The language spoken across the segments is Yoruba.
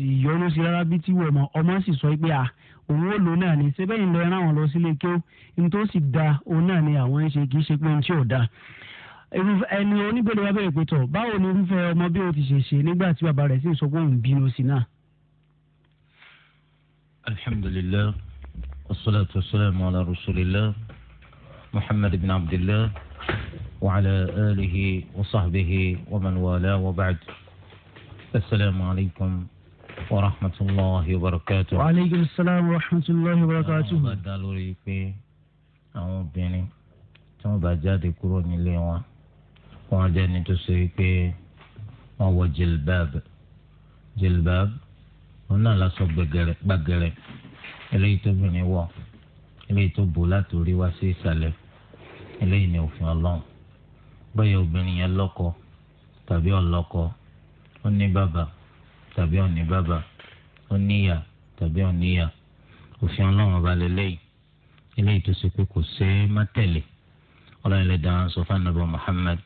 sì yọnu sí rárá bí tí wọ́n mọ̀ ọmọ sì sọ pé à òun ò lò náà ni sẹ́bẹ̀ yìí lọ ẹran àwọn lọ sílé kí ó n tó sì da òun náà ni àwọn ń ṣe kì í ṣe pé n tí ò da ẹni oníbèrè wa bẹ̀rẹ̀ pé tọ̀ báwo ni irúfẹ́ ọmọ bí o ti ṣe ṣe nígbà tí bàbá rẹ̀ sì ń sọ pé òun bínú sí náà. alhamdulilayi wasalaatu wasalaamu ala rasulillah muhammad bin abdillah wa alihi wa sahbihi wa man wala السلام عليكم ورحمة الله وبركاته وعليكم السلام ورحمة الله وبركاته àwọn bá dá lórí pé àwọn obìnrin tí wọ́n bá jáde kúrò nílé wọn wọ́n jẹ́ ní tó ṣe pé wọ́n wọ jilbab jilbab wọn náà lásọ gbàgẹ̀rẹ̀ eléyìí tó bìnrin wọ̀ eléyìí tó bò láti orí wá sí ìsàlẹ̀ eléyìí ni òfin Ọlọ́run bóyá obìnrin yẹn lọ́kọ tàbí ọlọ́kọ ó ní bàbá. tàbí ọ̀ní bàbá ó níyà tàbí ọ̀níyà òfin ọlọ́run ọba lélẹ́yìn eléyìí tó ṣe pé kò ṣe é má tẹ̀lé ọlọ́run lè dáhùn sọ fún anabi muhammed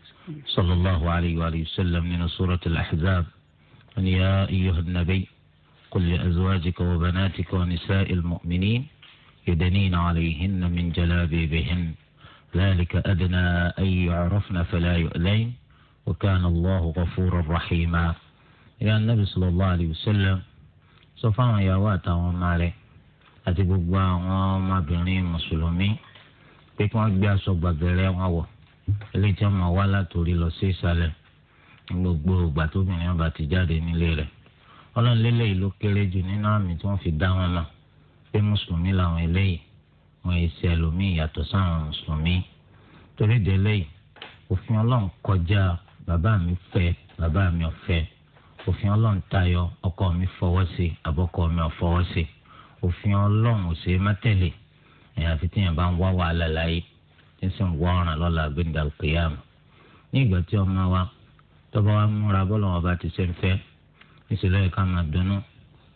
sallallahu alayhi wa sallam nínú sóràtì al-ahzab wọn yá iyọ̀hún nàbẹ́ kòlì azuwájìkà wà bànáàtìkà wà nísà ilmọ̀mìnì yòdánìyàn àlèyìn min jalabibihin ذلك أدنى أن يعرفن فلا يؤذين وكان الله غفورا rahima. ìyá anábì sallallahu alayhi wa sallam sọ fáwọn ìyàwó àtàwọn ọmọ rẹ̀ àti gbogbo àwọn ọmọbìnrin mùsùlùmí pé kí wọ́n gbé aṣọ gbàgbẹrẹ wọn wọ̀ eléyìí tí wọ́n máa wá látòrí lọ sí ìsàlẹ̀ gbogbo ìgbà tóbìnrin ọba ti jáde nílé rẹ̀ ọlọ́run lélẹ́yìí ló kéré jù nínú àmì tí wọ́n fi dá wọn náà pé mùsùlùmí làwọn eléyìí wọn yìí ẹlòmíì yàtọ̀ sáwọn mùsùlùmí torí délẹ́yìí òfin ọlọ́run kọjá bàbá mi fẹ́ bàbá mi ọ̀fẹ́ òfin ọlọ́run tayọ ọkọ mi fọwọ́ sí àbọ̀kọ mi ò fọwọ́ sí òfin ọlọ́run ò ṣe má tẹ̀lé àyàfi tíyẹn bá ń wá wàhálà láyé tí ń sì ń wá ọ̀ràn lọ́la gbẹ̀ndà kìyàmù ní ìgbà tí ọmọ wa tọ́ba wa múra bọ́lá wọn bá ti ṣe ń fẹ́ níṣẹ́lẹ̀ ká máa dunnú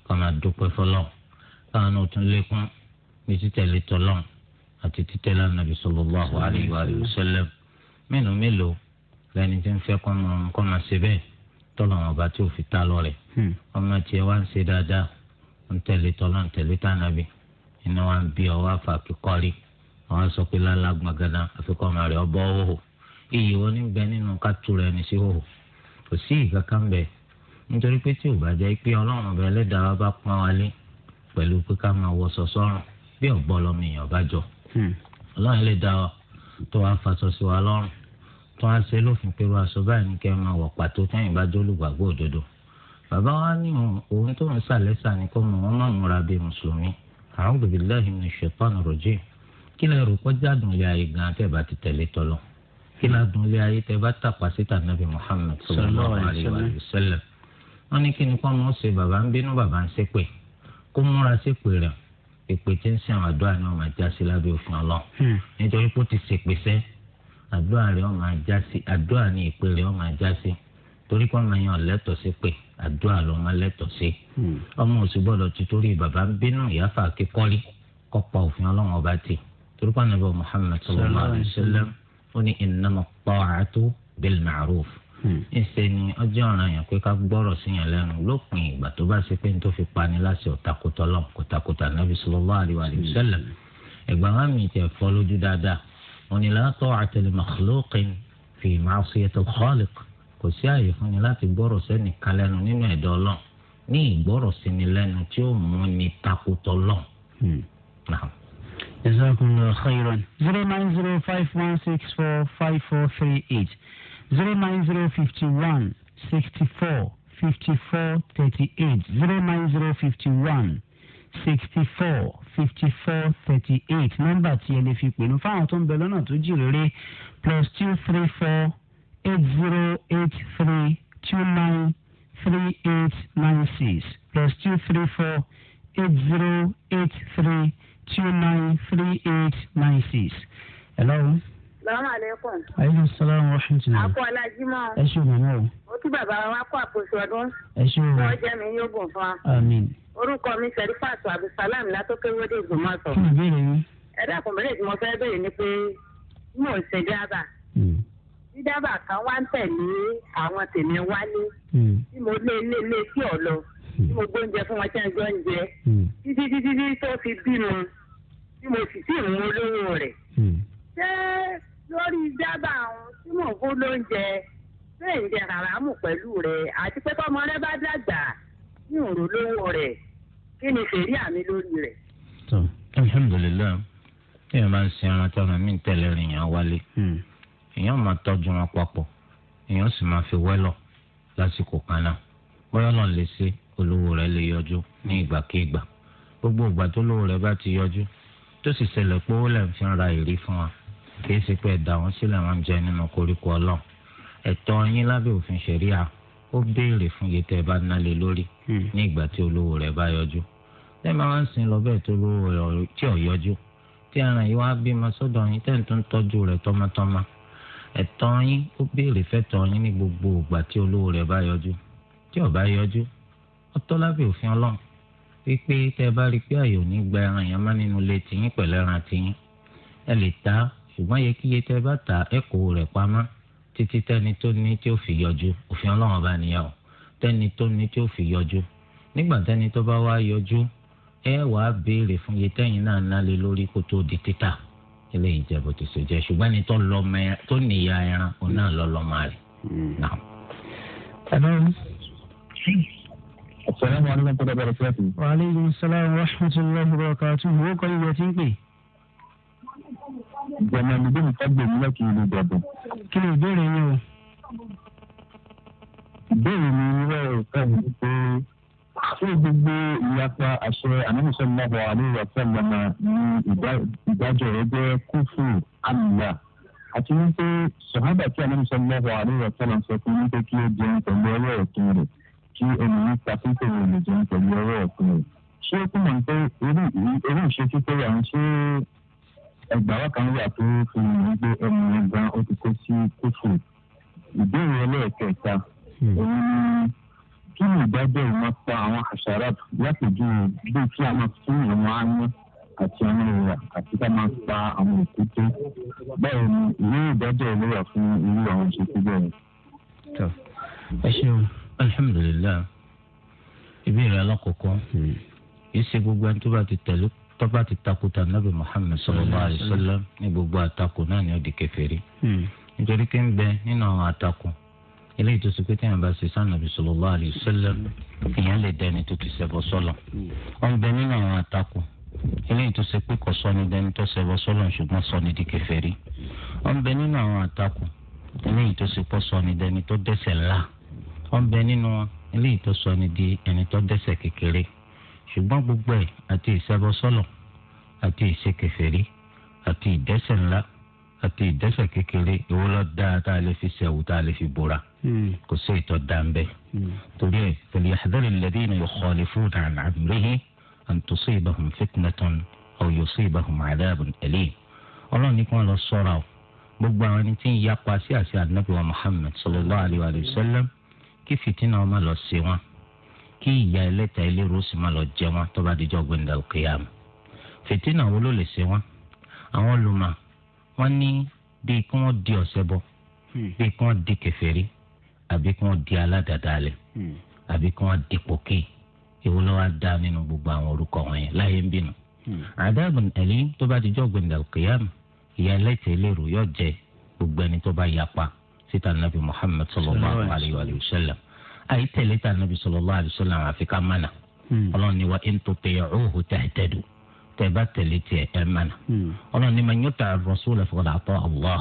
ká máa dúpẹ́ fọlọ́ káwọn náà tún lékún ní títẹ̀lé tọ́lọ́n àti títẹ̀lé ànábì sallallahu alaihi wa sallam mélòó mélòó lẹni tí ń fẹ́ kọ́ máa ṣe bẹ́ẹ̀ tọ́lọ̀ wọn bá tí ò fi ta lọ hmm. ọmọ tiẹ̀ wá ń ṣe dáadáa ń tẹ̀lé tọ́lọ́ ń tẹ̀lé tànàbí iná wa ń bí ọ wá fà kíkọ́rí àwọn sọ pé lálá gbọ̀ngàdà àfikún ọmọ rẹ̀ ọbọ̀ hóhò iyì wọn ní bẹ nínú kátó rẹ̀ ní sí hóhò kò sí nítorí pé tí bá jẹ́ pé ọlọ́run bẹ wa bá pọ́n tó wá ṣe lófin pé wọn aṣọ báyìí ní kẹ́ máa wọ̀ pàtó tẹ́yìn bá jẹ́ olùgbàgbọ́ òdodo bàbá wa ní òun tó ń sàlẹ́sà ní kọ́ mọ̀ wọ́n máa múra bíi mùsùlùmí a'udhu billahi minash shaitani rajim kí lè rò kọjá dùn lé ayé gan tẹ́ bá ti tẹ̀lé tọ́lọ́ kí lè dùn lé ayé tẹ́ bá tàpá síta nàbì Muhammad sallallahu alayhi wa sallam wọ́n ní kí ni kọ́ mọ̀ ṣe bàbá ń bínú bàbá ń ṣépè kó múra ṣépè rẹ̀ èpè tí ń sìn àdúrà àdúrà rẹ̀ ọ̀ máa já sí àdúrà ní ìpè rẹ̀ ọ̀ máa já sí torí pé ọmọ yẹn ọ̀lẹ́tọ̀ sí pé àdúrà ló máa lẹ́tọ̀ sí. Hmm. ọmọ òsì gbọ́dọ̀ ti torí bàbá ń bínú ìyáfà kíkọ́rí kọ́pa òfin ọlọ́run ọba ti torí pé ànábì Muhammad sallallahu alayhi wa sallam ó ní innama ta'atu bil ma'ruf. ìṣe hmm. ni ọjọ́ ọ̀ràn yẹn pé ká gbọ́rọ̀ sí yẹn lẹ́nu lópin ìgbà tó bá ṣe pé ní tó fi pani láti ọ̀takùtọ̀ lọ́n kòtàkùtà ànábì sallallahu alayhi hmm. wa sallam wọn ni la ta'ata li makhluqin fi ma'siyatil khaliq kò sí àyè fún ni láti gbọ́rọ̀ sẹ́ni kalẹ́nu nínú ẹ̀dọ́ ọlọ́run ní ìgbọ́rọ̀ sínú lẹ́nu tí ó mú ni takotọ́ lọ́n. Hmm. jazakumullahu khairan zero nine zero five one six four five four three eight zero nine zero fifty one sixty four fifty four thirty eight zero nine zero fifty one sixty four fifty four thirty eight nọ́mbà tí ẹ lè fi pè ní fáwọn tó ń bẹ lọ́nà tó jì rere plus two three four eight zero eight three two nine three eight nine six plus two three four eight zero eight three two nine three eight nine six. hello salaamaleykum. aleykum salaam wa rahmatulah. akọ alajima. ẹ ṣe mọ̀mọ́ o. o tún bàbá wa kó àpòsí ọdún. ẹ ṣe o. wọ́n jẹ́ mi yóò gùn fún wa. àmín. orúkọ mi sẹ́rífàtù abdulsalam látọ́kẹ́wọ́dé ìgbìmọ̀sọ. kí ni ìbéèrè yín. ẹ dákun bẹ́ẹ̀ tí mo fẹ́ bẹ̀rẹ̀ ni pé mo ń ṣe dábàá. dídábàá hmm. kan wá ń tẹ̀lé àwọn tèmi wálé. tí hmm. mo lé lé lé sí ọ̀lọ́ tí hmm. mo gbóúnjẹ fún wọn tí wọn jọ ń jẹ títí títí tó fi bímọ tí mo sì tí ì mú olówó kó lóúnjẹ ṣé ìjẹ haramu pẹ̀lú rẹ̀ àti pé tọmọ rẹ bá dàgbà ní òrò lówó rẹ̀ kí ni fèrè àmì lórí rẹ̀. tó alhamdulilayi èèyàn máa ń sin ara tó hàn mí tẹ́lẹ̀ rìn yàn wálé hmm. èèyàn máa tọ́jú wọn papọ̀ èèyàn sì máa fi wẹ́lọ̀ lásìkò kan náà bóyá náà lè ṣe olówó rẹ̀ lè yọjú ní ìgbàkigbà gbogbo ìgbà tó lówó rẹ̀ bá ti yọjú tó sì ṣẹlẹ̀ pé ó lè fi ra èrè fún wa kìí ṣe pé ẹ̀dá wọn sílẹ̀ máa ń jẹ nínú koríko ọlọ́run ẹ̀tọ́ yín lábẹ́ òfin ṣẹ̀ríà ó béèrè fún iye tẹ́ ẹ bá ná lé lórí hmm. ní ìgbà tí olówó rẹ̀ bá yọjú tẹ́ máa ń sin lọ bẹ́ẹ̀ tó olówó rẹ̀ tí ò yọjú tí ẹran yìí wá bímọ sọ́dọ̀ yín tẹ́ ń tún tọ́jú rẹ̀ tọmọtọmọ ẹ̀tọ́ yín ó béèrè fẹ́tọ́ yín ní gbogbo ìgbà tí olówó rẹ̀ bá yọjú tí ò bá yọjú ó tọ́ lábẹ́ òfin ọlọ́run wípé tẹ́ bá rí pé àyò ní gba ẹran yẹn má nínú ilé tiyín pẹ̀lú tiyín ẹ lè ta ṣùgbọ́n yekíye tẹ́ bá ta ẹ̀kọ́ rẹ̀ pamọ́ títí tẹ́ni tó ní tí ó fi yọjú òfin ọlọ́run bá nìyà o tẹ́ni tó ní tí ó fi yọjú nígbà tẹ́ni tó bá wá yọjú ẹ wà á béèrè fún iye tẹ́yìn náà ná lé lórí kó tó di títà eléyìí jẹ́ bó ti ṣe jẹ́ ṣùgbọ́n ẹni tó níyà ẹran òun náà lọ lọ́mọ rẹ̀ náà. Assalamu alaikum wa rahmatullahi wa barakatuh. Wa alaikum assalam wa rahmatullahi wa barakatuh. Wo kọ́ ìwé tí ń pè? ìjọba ìdílé mi fẹ́ gbèmí lọ́kì ìlú ìjọba. kí ni ìbéèrè yín o. ìbéèrè mi rẹ̀ ọ̀kan yìí pé ṣé gbogbo ìyapa àṣẹ ànámísọ̀mọ́bọ̀ àlúwà fẹ́lọ́mà ní ìdájọ́ rẹ̀ jẹ́ kúfù àmìlà àti wípé sọ̀hábà tí ànámísọ̀mọ́bọ̀ àlúwà fẹ́lọ́mà sọ fún wípé kí ó jẹun pẹ̀lú ọwọ́ ọ̀tún rẹ̀ kí ènìyàn pàṣípò rẹ̀ lè jẹun pẹ̀lú ọwọ́ ọ̀tún rẹ̀ ṣé ó túmọ̀ pé irú ìṣe kíkọ́ yà ń ṣe ẹgbàá kan wà tó fi hàn pé ẹnu yẹn gan ó ti kó sí kófò ìbéèrè ẹlẹ́ẹ̀kẹta òun hmm. ni kí ni ìdájọ́ ìmọ̀ pa àwọn àṣàrà lápèjú bí kí a máa fún àwọn àánú àti àwọn ìwà àti ká máa pa àwọn òkúté báyìí ni ìwé ìdájọ́ ìlera fún irú àwọn ìṣèkú bẹ́ẹ̀. ẹ ṣeun alhamdulilayi ìbéèrè alákọ̀ọ́kọ́ hmm. kì ṣe gbogbo ẹni tó bá ti tẹ̀lé tọ́ba ti takuta nabi muhammed sallallahu alayhi sallam ní gbogbo àtakò náà ni ó di kèfèrí. Hmm. nítorí pé ń bẹ nínú àwọn àtakò eléyìí tó ṣe pé téèyàn bá ṣe sànàbì sallallahu alayhi wa sallam èèyàn lè dẹni tó ti ṣẹbọ sọlọ. ó ń bẹ nínú àwọn àtakò eléyìí tó ṣe pé kò sọni dẹni tó ṣẹbọ sọlọ ṣùgbọ́n sọni di kèfèrí. ó ń bẹ nínú àwọn àtakò eléyìí tó ṣe pọ̀ sọni di ẹni tó dẹ́ṣẹ̀ ṣùgbọ́n gbogbo ẹ̀ àti ìṣẹbọsọ́nà àti ìṣekèfèrí àti ìdẹ́ṣẹ̀ ńlá àti ìdẹ́ṣẹ̀ kékeré ìwọ lọ dáa tá a lè fi ṣẹ̀wù tá a lè fi bora hmm. kò sí ìtọ́ dáńbẹ́ hmm. torí ẹ̀ falyahdhari alladhina yukhalifuna an amrihi an tusibahum fitnatun aw yusibahum adhabun alim ọlọ́run ní kí wọ́n lọ sọ́ra o gbogbo àwọn ẹni tí ń yapa sí àṣẹ ànábì wa sallallahu alayhi wa sallam kí fìtínà má lọ sí wọn kí ìyá ẹlẹ́ta eléro sì má lọ jẹ wọn tó bá dijọ́ gbẹ̀ndà al-qiyam fìtínà wo ló lè ṣe wọn àwọn olùmọ̀ wọn ní bíi kí wọ́n di ọ̀sẹ̀ bọ hmm. bíi kí wọ́n di kèfèrí àbí kí wọ́n di aládàdalẹ̀ hmm. àbí kí wọ́n di pòkè èwo ló wá dá nínú gbogbo àwọn orúkọ wọn yẹn láyé ń bínú. àdàbùn hmm. ẹ̀lí tó bá dijọ́ gbẹ̀ndà al-qiyam ìyá ẹlẹ́ta eléro yóò jẹ gbogbo ẹni tó bá yapa síta nàbì Muhammad sallallahu alayhi wa sallam ayi tẹ̀lé ta nàbì sallallahu alaihi wasallam àfi ká mánà ọlọ́run ni wa in tuti'uhu tahtadu tẹ̀ bá tẹ̀lé tẹ ẹ̀ mánà ọlọ́run ni ma nyọ man yuti' ar-rasula faqad ata'a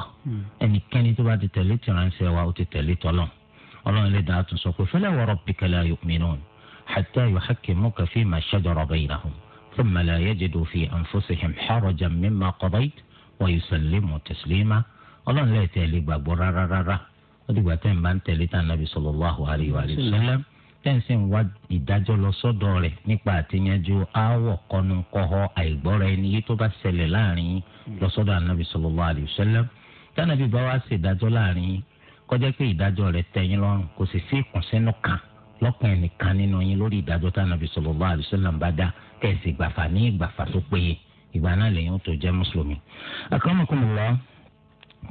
ẹni kẹni tó bá ti tẹ̀lé tẹ ti ránṣẹ́ wa ó ti tẹ̀lé tọ́lọ́ ọlọ́run lè dáa tún sọ pé fẹlẹ wọrọ ayọ mìíràn ni hatẹ fala wa rabbika la yu'minun hatta yuhakkimuka fima shajara baynahum thumma la yajidu fi anfusihim harajan mimma qadayta wa yusallimu taslima ọlọ́run lè tẹ̀lé gbàgbọ́ rárá rárá ó dìgbà tẹ́ ń bá ń tẹ̀lé tàn nàbì sallallahu alaihi wa sallam tẹ́ǹsì ń wá ìdájọ́ lọ sọ́dọ̀ rẹ̀ nípa àtìyànjú aáwọ̀ kọnukọ́họ́ àìgbọ́ra ẹni yìí tó bá ṣẹlẹ̀ láàrin yín lọ sọ́dọ̀ ànábì sallallahu alaihi wasallam tánàbì bá wá sí ìdájọ́ láàrin yín kọjá pé ìdájọ́ rẹ̀ tẹ̀yìn lọ́rùn kò sì sí ìkùnsínú kan lọ́kàn ẹnìkan nínú yín lórí ìdájọ́ tánàbì sallallahu alaihi wasallam bá dá kẹ̀sì gbàfà ní ìgbàfà tó péye ìgbà náà lẹ́yìn ó tó jẹ́ mùsùlùmí. àkàràmọ̀kùnrin lọ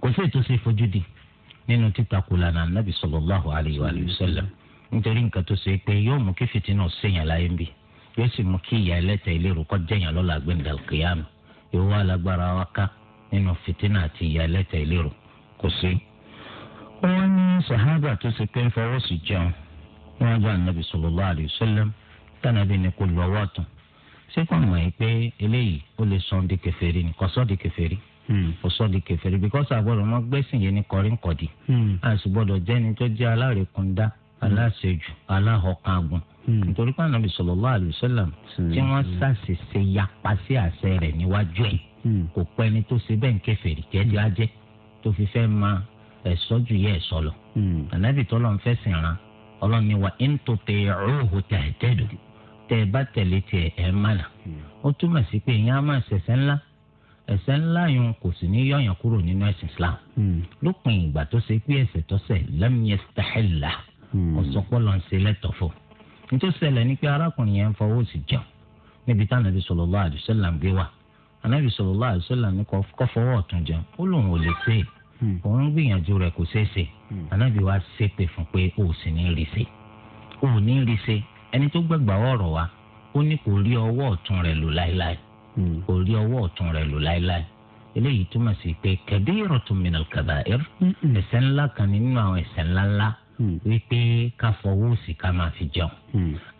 kò sí ètò sí ìfojúdi nínú títakò lànà nàbì sallallahu alayhi wa sallam nítorí nǹkan tó ṣe pé yóò mú kí fìtínà ṣèyàn láyé ń bì yóò sì mú kí ìyà ẹlẹ́tẹ̀ ìlérò kọ́ jẹ̀yàn lọ́la gbẹ̀ndàkìyàmù yóò wá lágbára wa ká nínú fìtínà àti ìyà ẹlẹ́tẹ̀ ìlérò kò sí. wọ́n ní sàhábà tó ṣe pé ń fọwọ́ sí jẹun wọ́n á jọ ànábì alayhi wa sallam tànàbí ni kò lọ́wọ́ tán ṣé kò mọ̀ ẹ́ pé eléyìí ó lè sọ ọ́ Hmm. kò sọ di kèfèrí bíkọ́sì àgbọ̀dọ̀ wọn gbẹ́sìn yẹn ní kọrínkọ̀dì hmm. àti gbọ́dọ̀ jẹ́ni tó jẹ́ alárekúndá hmm. aláṣejù aláhọkàgùn nítorí pé ànábì sallallahu alaihi wasallam tí wọ́n ṣàṣìṣe yapa sí àṣẹ rẹ̀ níwájú ẹ̀ kò pẹ́ ni tó ṣe bẹ́ẹ̀ ń jẹ́jẹ́ ajẹ́ tó fi fẹ́ ma ẹ̀sọ́ ju yẹ ẹ̀sọ́ lọ ànábì ń fẹ́sìn ọlọ́ni wa ẹ bá tẹ̀lé ẹ̀ mánà ẹ̀ṣẹ̀ ńlá yẹn kò sì ní yọyàn kúrò nínú ẹ̀sìn islam hmm. lópin ìgbà tó ṣe pé ẹ̀ṣẹ̀ tó ṣẹ̀ lam yastahilla ọsọpọ hmm. lọ ń ṣe lẹtọ fún nítorí pé arákùnrin yẹn ń fọwọ́ sí jẹun níbi tá ànábi sallallahu alaihi wasallam gbé wa ànábi sallallahu alaihi wasallam ní kọ́ fọwọ́ ọ̀tún jẹun ó lóun ò lè ṣe é hmm. òun ń gbìyànjú rẹ̀ kò ṣeé ṣe ànábi wa ṣépè fún pé ó sì ní rí ṣe ó ní rí ṣe ẹni tó gbàgbà ọ̀rọ̀ wa ó ní kò rí ọwọ́ ọ̀tún rẹ̀ lò láéláé kò hmm. rí ọwọ́ ọ̀tún rẹ̀ lò láéláé eléyìí túmọ̀ sí pé kabiratun min al-kaba'ir hmm, hmm. ẹ̀ṣẹ̀ ńlá kan nínú àwọn ẹ̀ṣẹ̀ ńlá ńlá wípé ká fọwọ́ sí ká máa fi jẹun.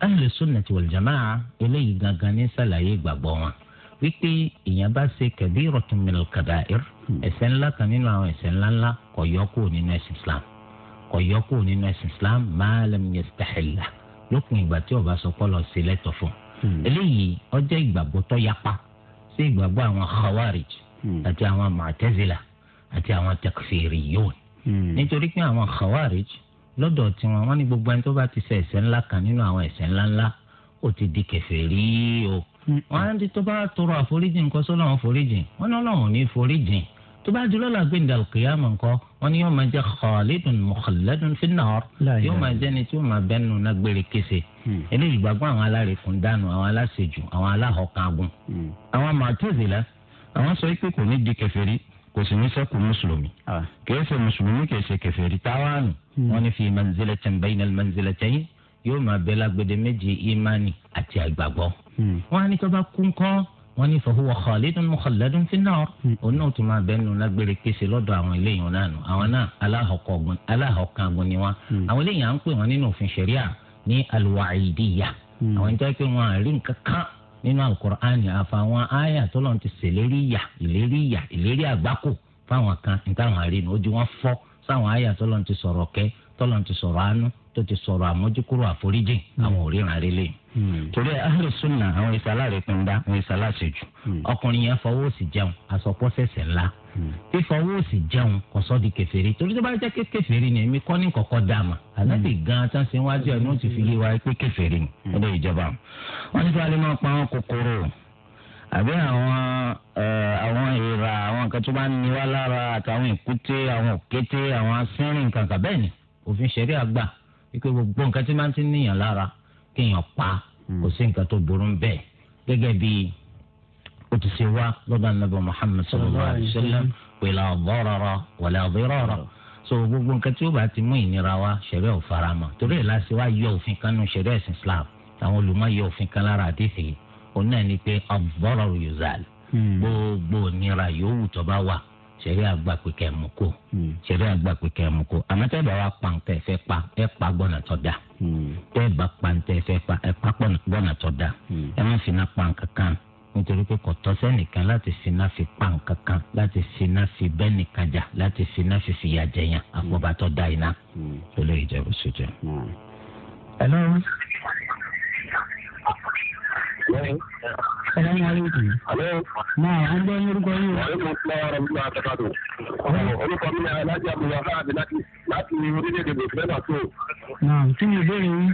ahlu sunnati wal jama'a eléyìí gangan ní sàlàyé ìgbàgbọ́ wọn wípé èèyàn bá ṣe kabiratun min al-kaba'ir ẹ̀ṣẹ̀ ńlá kan nínú àwọn ẹ̀ṣẹ̀ ńlá ńlá kò yọ kúrò nínú ẹ̀sìn Islam kò yọ kúrò nínú ẹ̀sìn Islam ma lam yastahilla lópin ìgbà tí ó sọ pé lọ sí lẹ́tọ̀ fún eléyìí ó ìgbàgbọ́ tó yapa sí ìgbàgbọ́ àwọn khawarij hmm. àti àwọn mu'tazila àti àwọn takfiriyun hmm. nítorí pé àwọn khawarij lọ́dọ̀ tiwọn wọ́n ní gbogbo ẹni tó bá ti ṣe ẹ̀ṣẹ̀ ńlá kan nínú àwọn ẹ̀ṣẹ̀ ńláńlá ó ti di kèfèrí o hmm. wọ́n á ti tó bá tọrọ àforíjì nǹkan sọ́nà wọn foríjì wọ́n náà lọ́wọ́n ní foríjì tó bá di lọ́la gbé ndàlùkìyàmù nǹkan wọ́n ní yóò máa jẹ́ khalidun mukhalladun fin yóò máa jẹ́ ni tí yóò máa bẹ́ẹ̀ nù náà gbére kése Hmm. eléyìí gbàgbọ́ àwọn alárèkún dànù àwọn aláṣejù àwọn aláhọ̀kangun hmm. àwọn màtẹ́sílẹ̀ àwọn sọ pé kò ní di kèfèrí kò sì ní ṣẹ́kù mùsùlùmí ah. kìí ṣe mùsùlùmí kìí ṣe kèfèrí táwánu hmm. wọn ní fi manzilatin bainal manzilatayn yóò máa bẹ lágbede méjì ìmánì àti àgbàgbọ́ wọn á ní tó bá kú ńkọ́ wọn ní fahuwa khalidun mukhalladun fin nar òun náà tún máa bẹnu lágbére kése lọ́dọ̀ àwọn eléyìí náà nù àwọn náà aláhọ̀kangun ni wọn àwọn eléyìí à ń pè wọn nínú òfin ṣẹ̀ríà ní alwaidiyya hmm. àwọn jẹ́ pé wọn àrí nǹkan kan nínú alukur'ani àfàwọn àyà tó lọ́n ti ṣèlérí yà ìlérí yà ìlérí àgbákò fáwọn kan nítawọn àrí ni ó di wọn fọ́ sáwọn àyà tó lọ́n ti sọ̀rọ̀ kẹ́ tó lọ́n ti sọ̀rọ̀ àánú tó ti sọ̀rọ̀ àmójúkúrò àforíjì hmm. àwọn òríran rí lẹ́yìn. Hmm. torí ahlu sunna àwọn ìsàlá rẹ̀ pẹ̀lú dá àwọn ìsàlá ṣe jù hmm. ọkùnrin yẹn fọwọ́ sí jẹun àsọpọ̀ sẹ̀sẹ̀ ńlá hmm. fífọwọ́ sí jẹun kò sọ di kèfèrí torí tó bá jẹ́ pé kèfèrí ni èmi kọ́ ní kọ́kọ́ dá mà ànábì gan tán ṣe wájú ẹ̀ ní oṣù fi yé wa pé kèfèrí ni ọdọ ìjọba wọn ní sọ́ọ́ lè máa pa àwọn kòkòrò àbí àwọn àwọn èèrà àwọn nǹkan tó bá ń ni wá lára àtàwọn èkúté àwọn òkété àwọn asínrìn kankan bẹ́ẹ̀ ni òfin ṣẹ̀rí àgbà wípé gbogbo nǹkan tí máa ń ti níyàn lára kéèyàn pa hmm. kò sí nǹkan tó burú bẹ́ẹ̀ gẹ́gẹ́ bí o ti ṣe wá lọ́dọ̀ anábọ̀ Muhammad sallallahu alayhi wa sallam pẹ̀lú àbọ̀rọ̀rọ̀ wala dirara hmm. so gbogbo nǹkan tí ó bá ti mú ìnira wá ṣẹ̀rẹ́ ò fara mọ́ torí ẹ̀ láti wá yọ òfin kan nù ṣẹ̀rẹ́ ẹ̀sìn Islam àwọn olùmọ̀ yọ òfin kan lára àdéhìí òun náà ni pé àbọ̀rọ̀rọ̀ yóò zàlẹ̀ gbogbo nira yòówù tó bá wà sẹ̀rí àgbà pèkẹ́ mú kó sẹ̀rí hmm. àgbà pèkẹ́ mú kó àmọ́tẹ́bà wa Hmm. tẹ́ ẹ bá pa ní tẹ́ ẹ fẹ́ pa ẹ pa bọ́nà tó da hmm. ẹ má fi iná pa nǹkan kan nítorí pé kò tọ́ sẹ́nìkan láti fi iná fi pa nǹkan kan láti fi iná fi bẹ́ẹ̀ nìkan jà láti fi iná fi fìyà jẹyàn hmm. àpọ̀bá tó da iná tó lè jẹ́ oṣù ẹ lọ́wọ́. Assalamu alaikum. Náà a gbọ́ lórúkọ yìí. Àlékún fún wa rẹ̀ nígbà àtàkàtò. Orúkọ mi ni Alájà Abdulwa Fáàbí láti láti orílẹ̀-èdè Bòsílẹ̀ Bàtò. Náà kí ni ìbéèrè yín?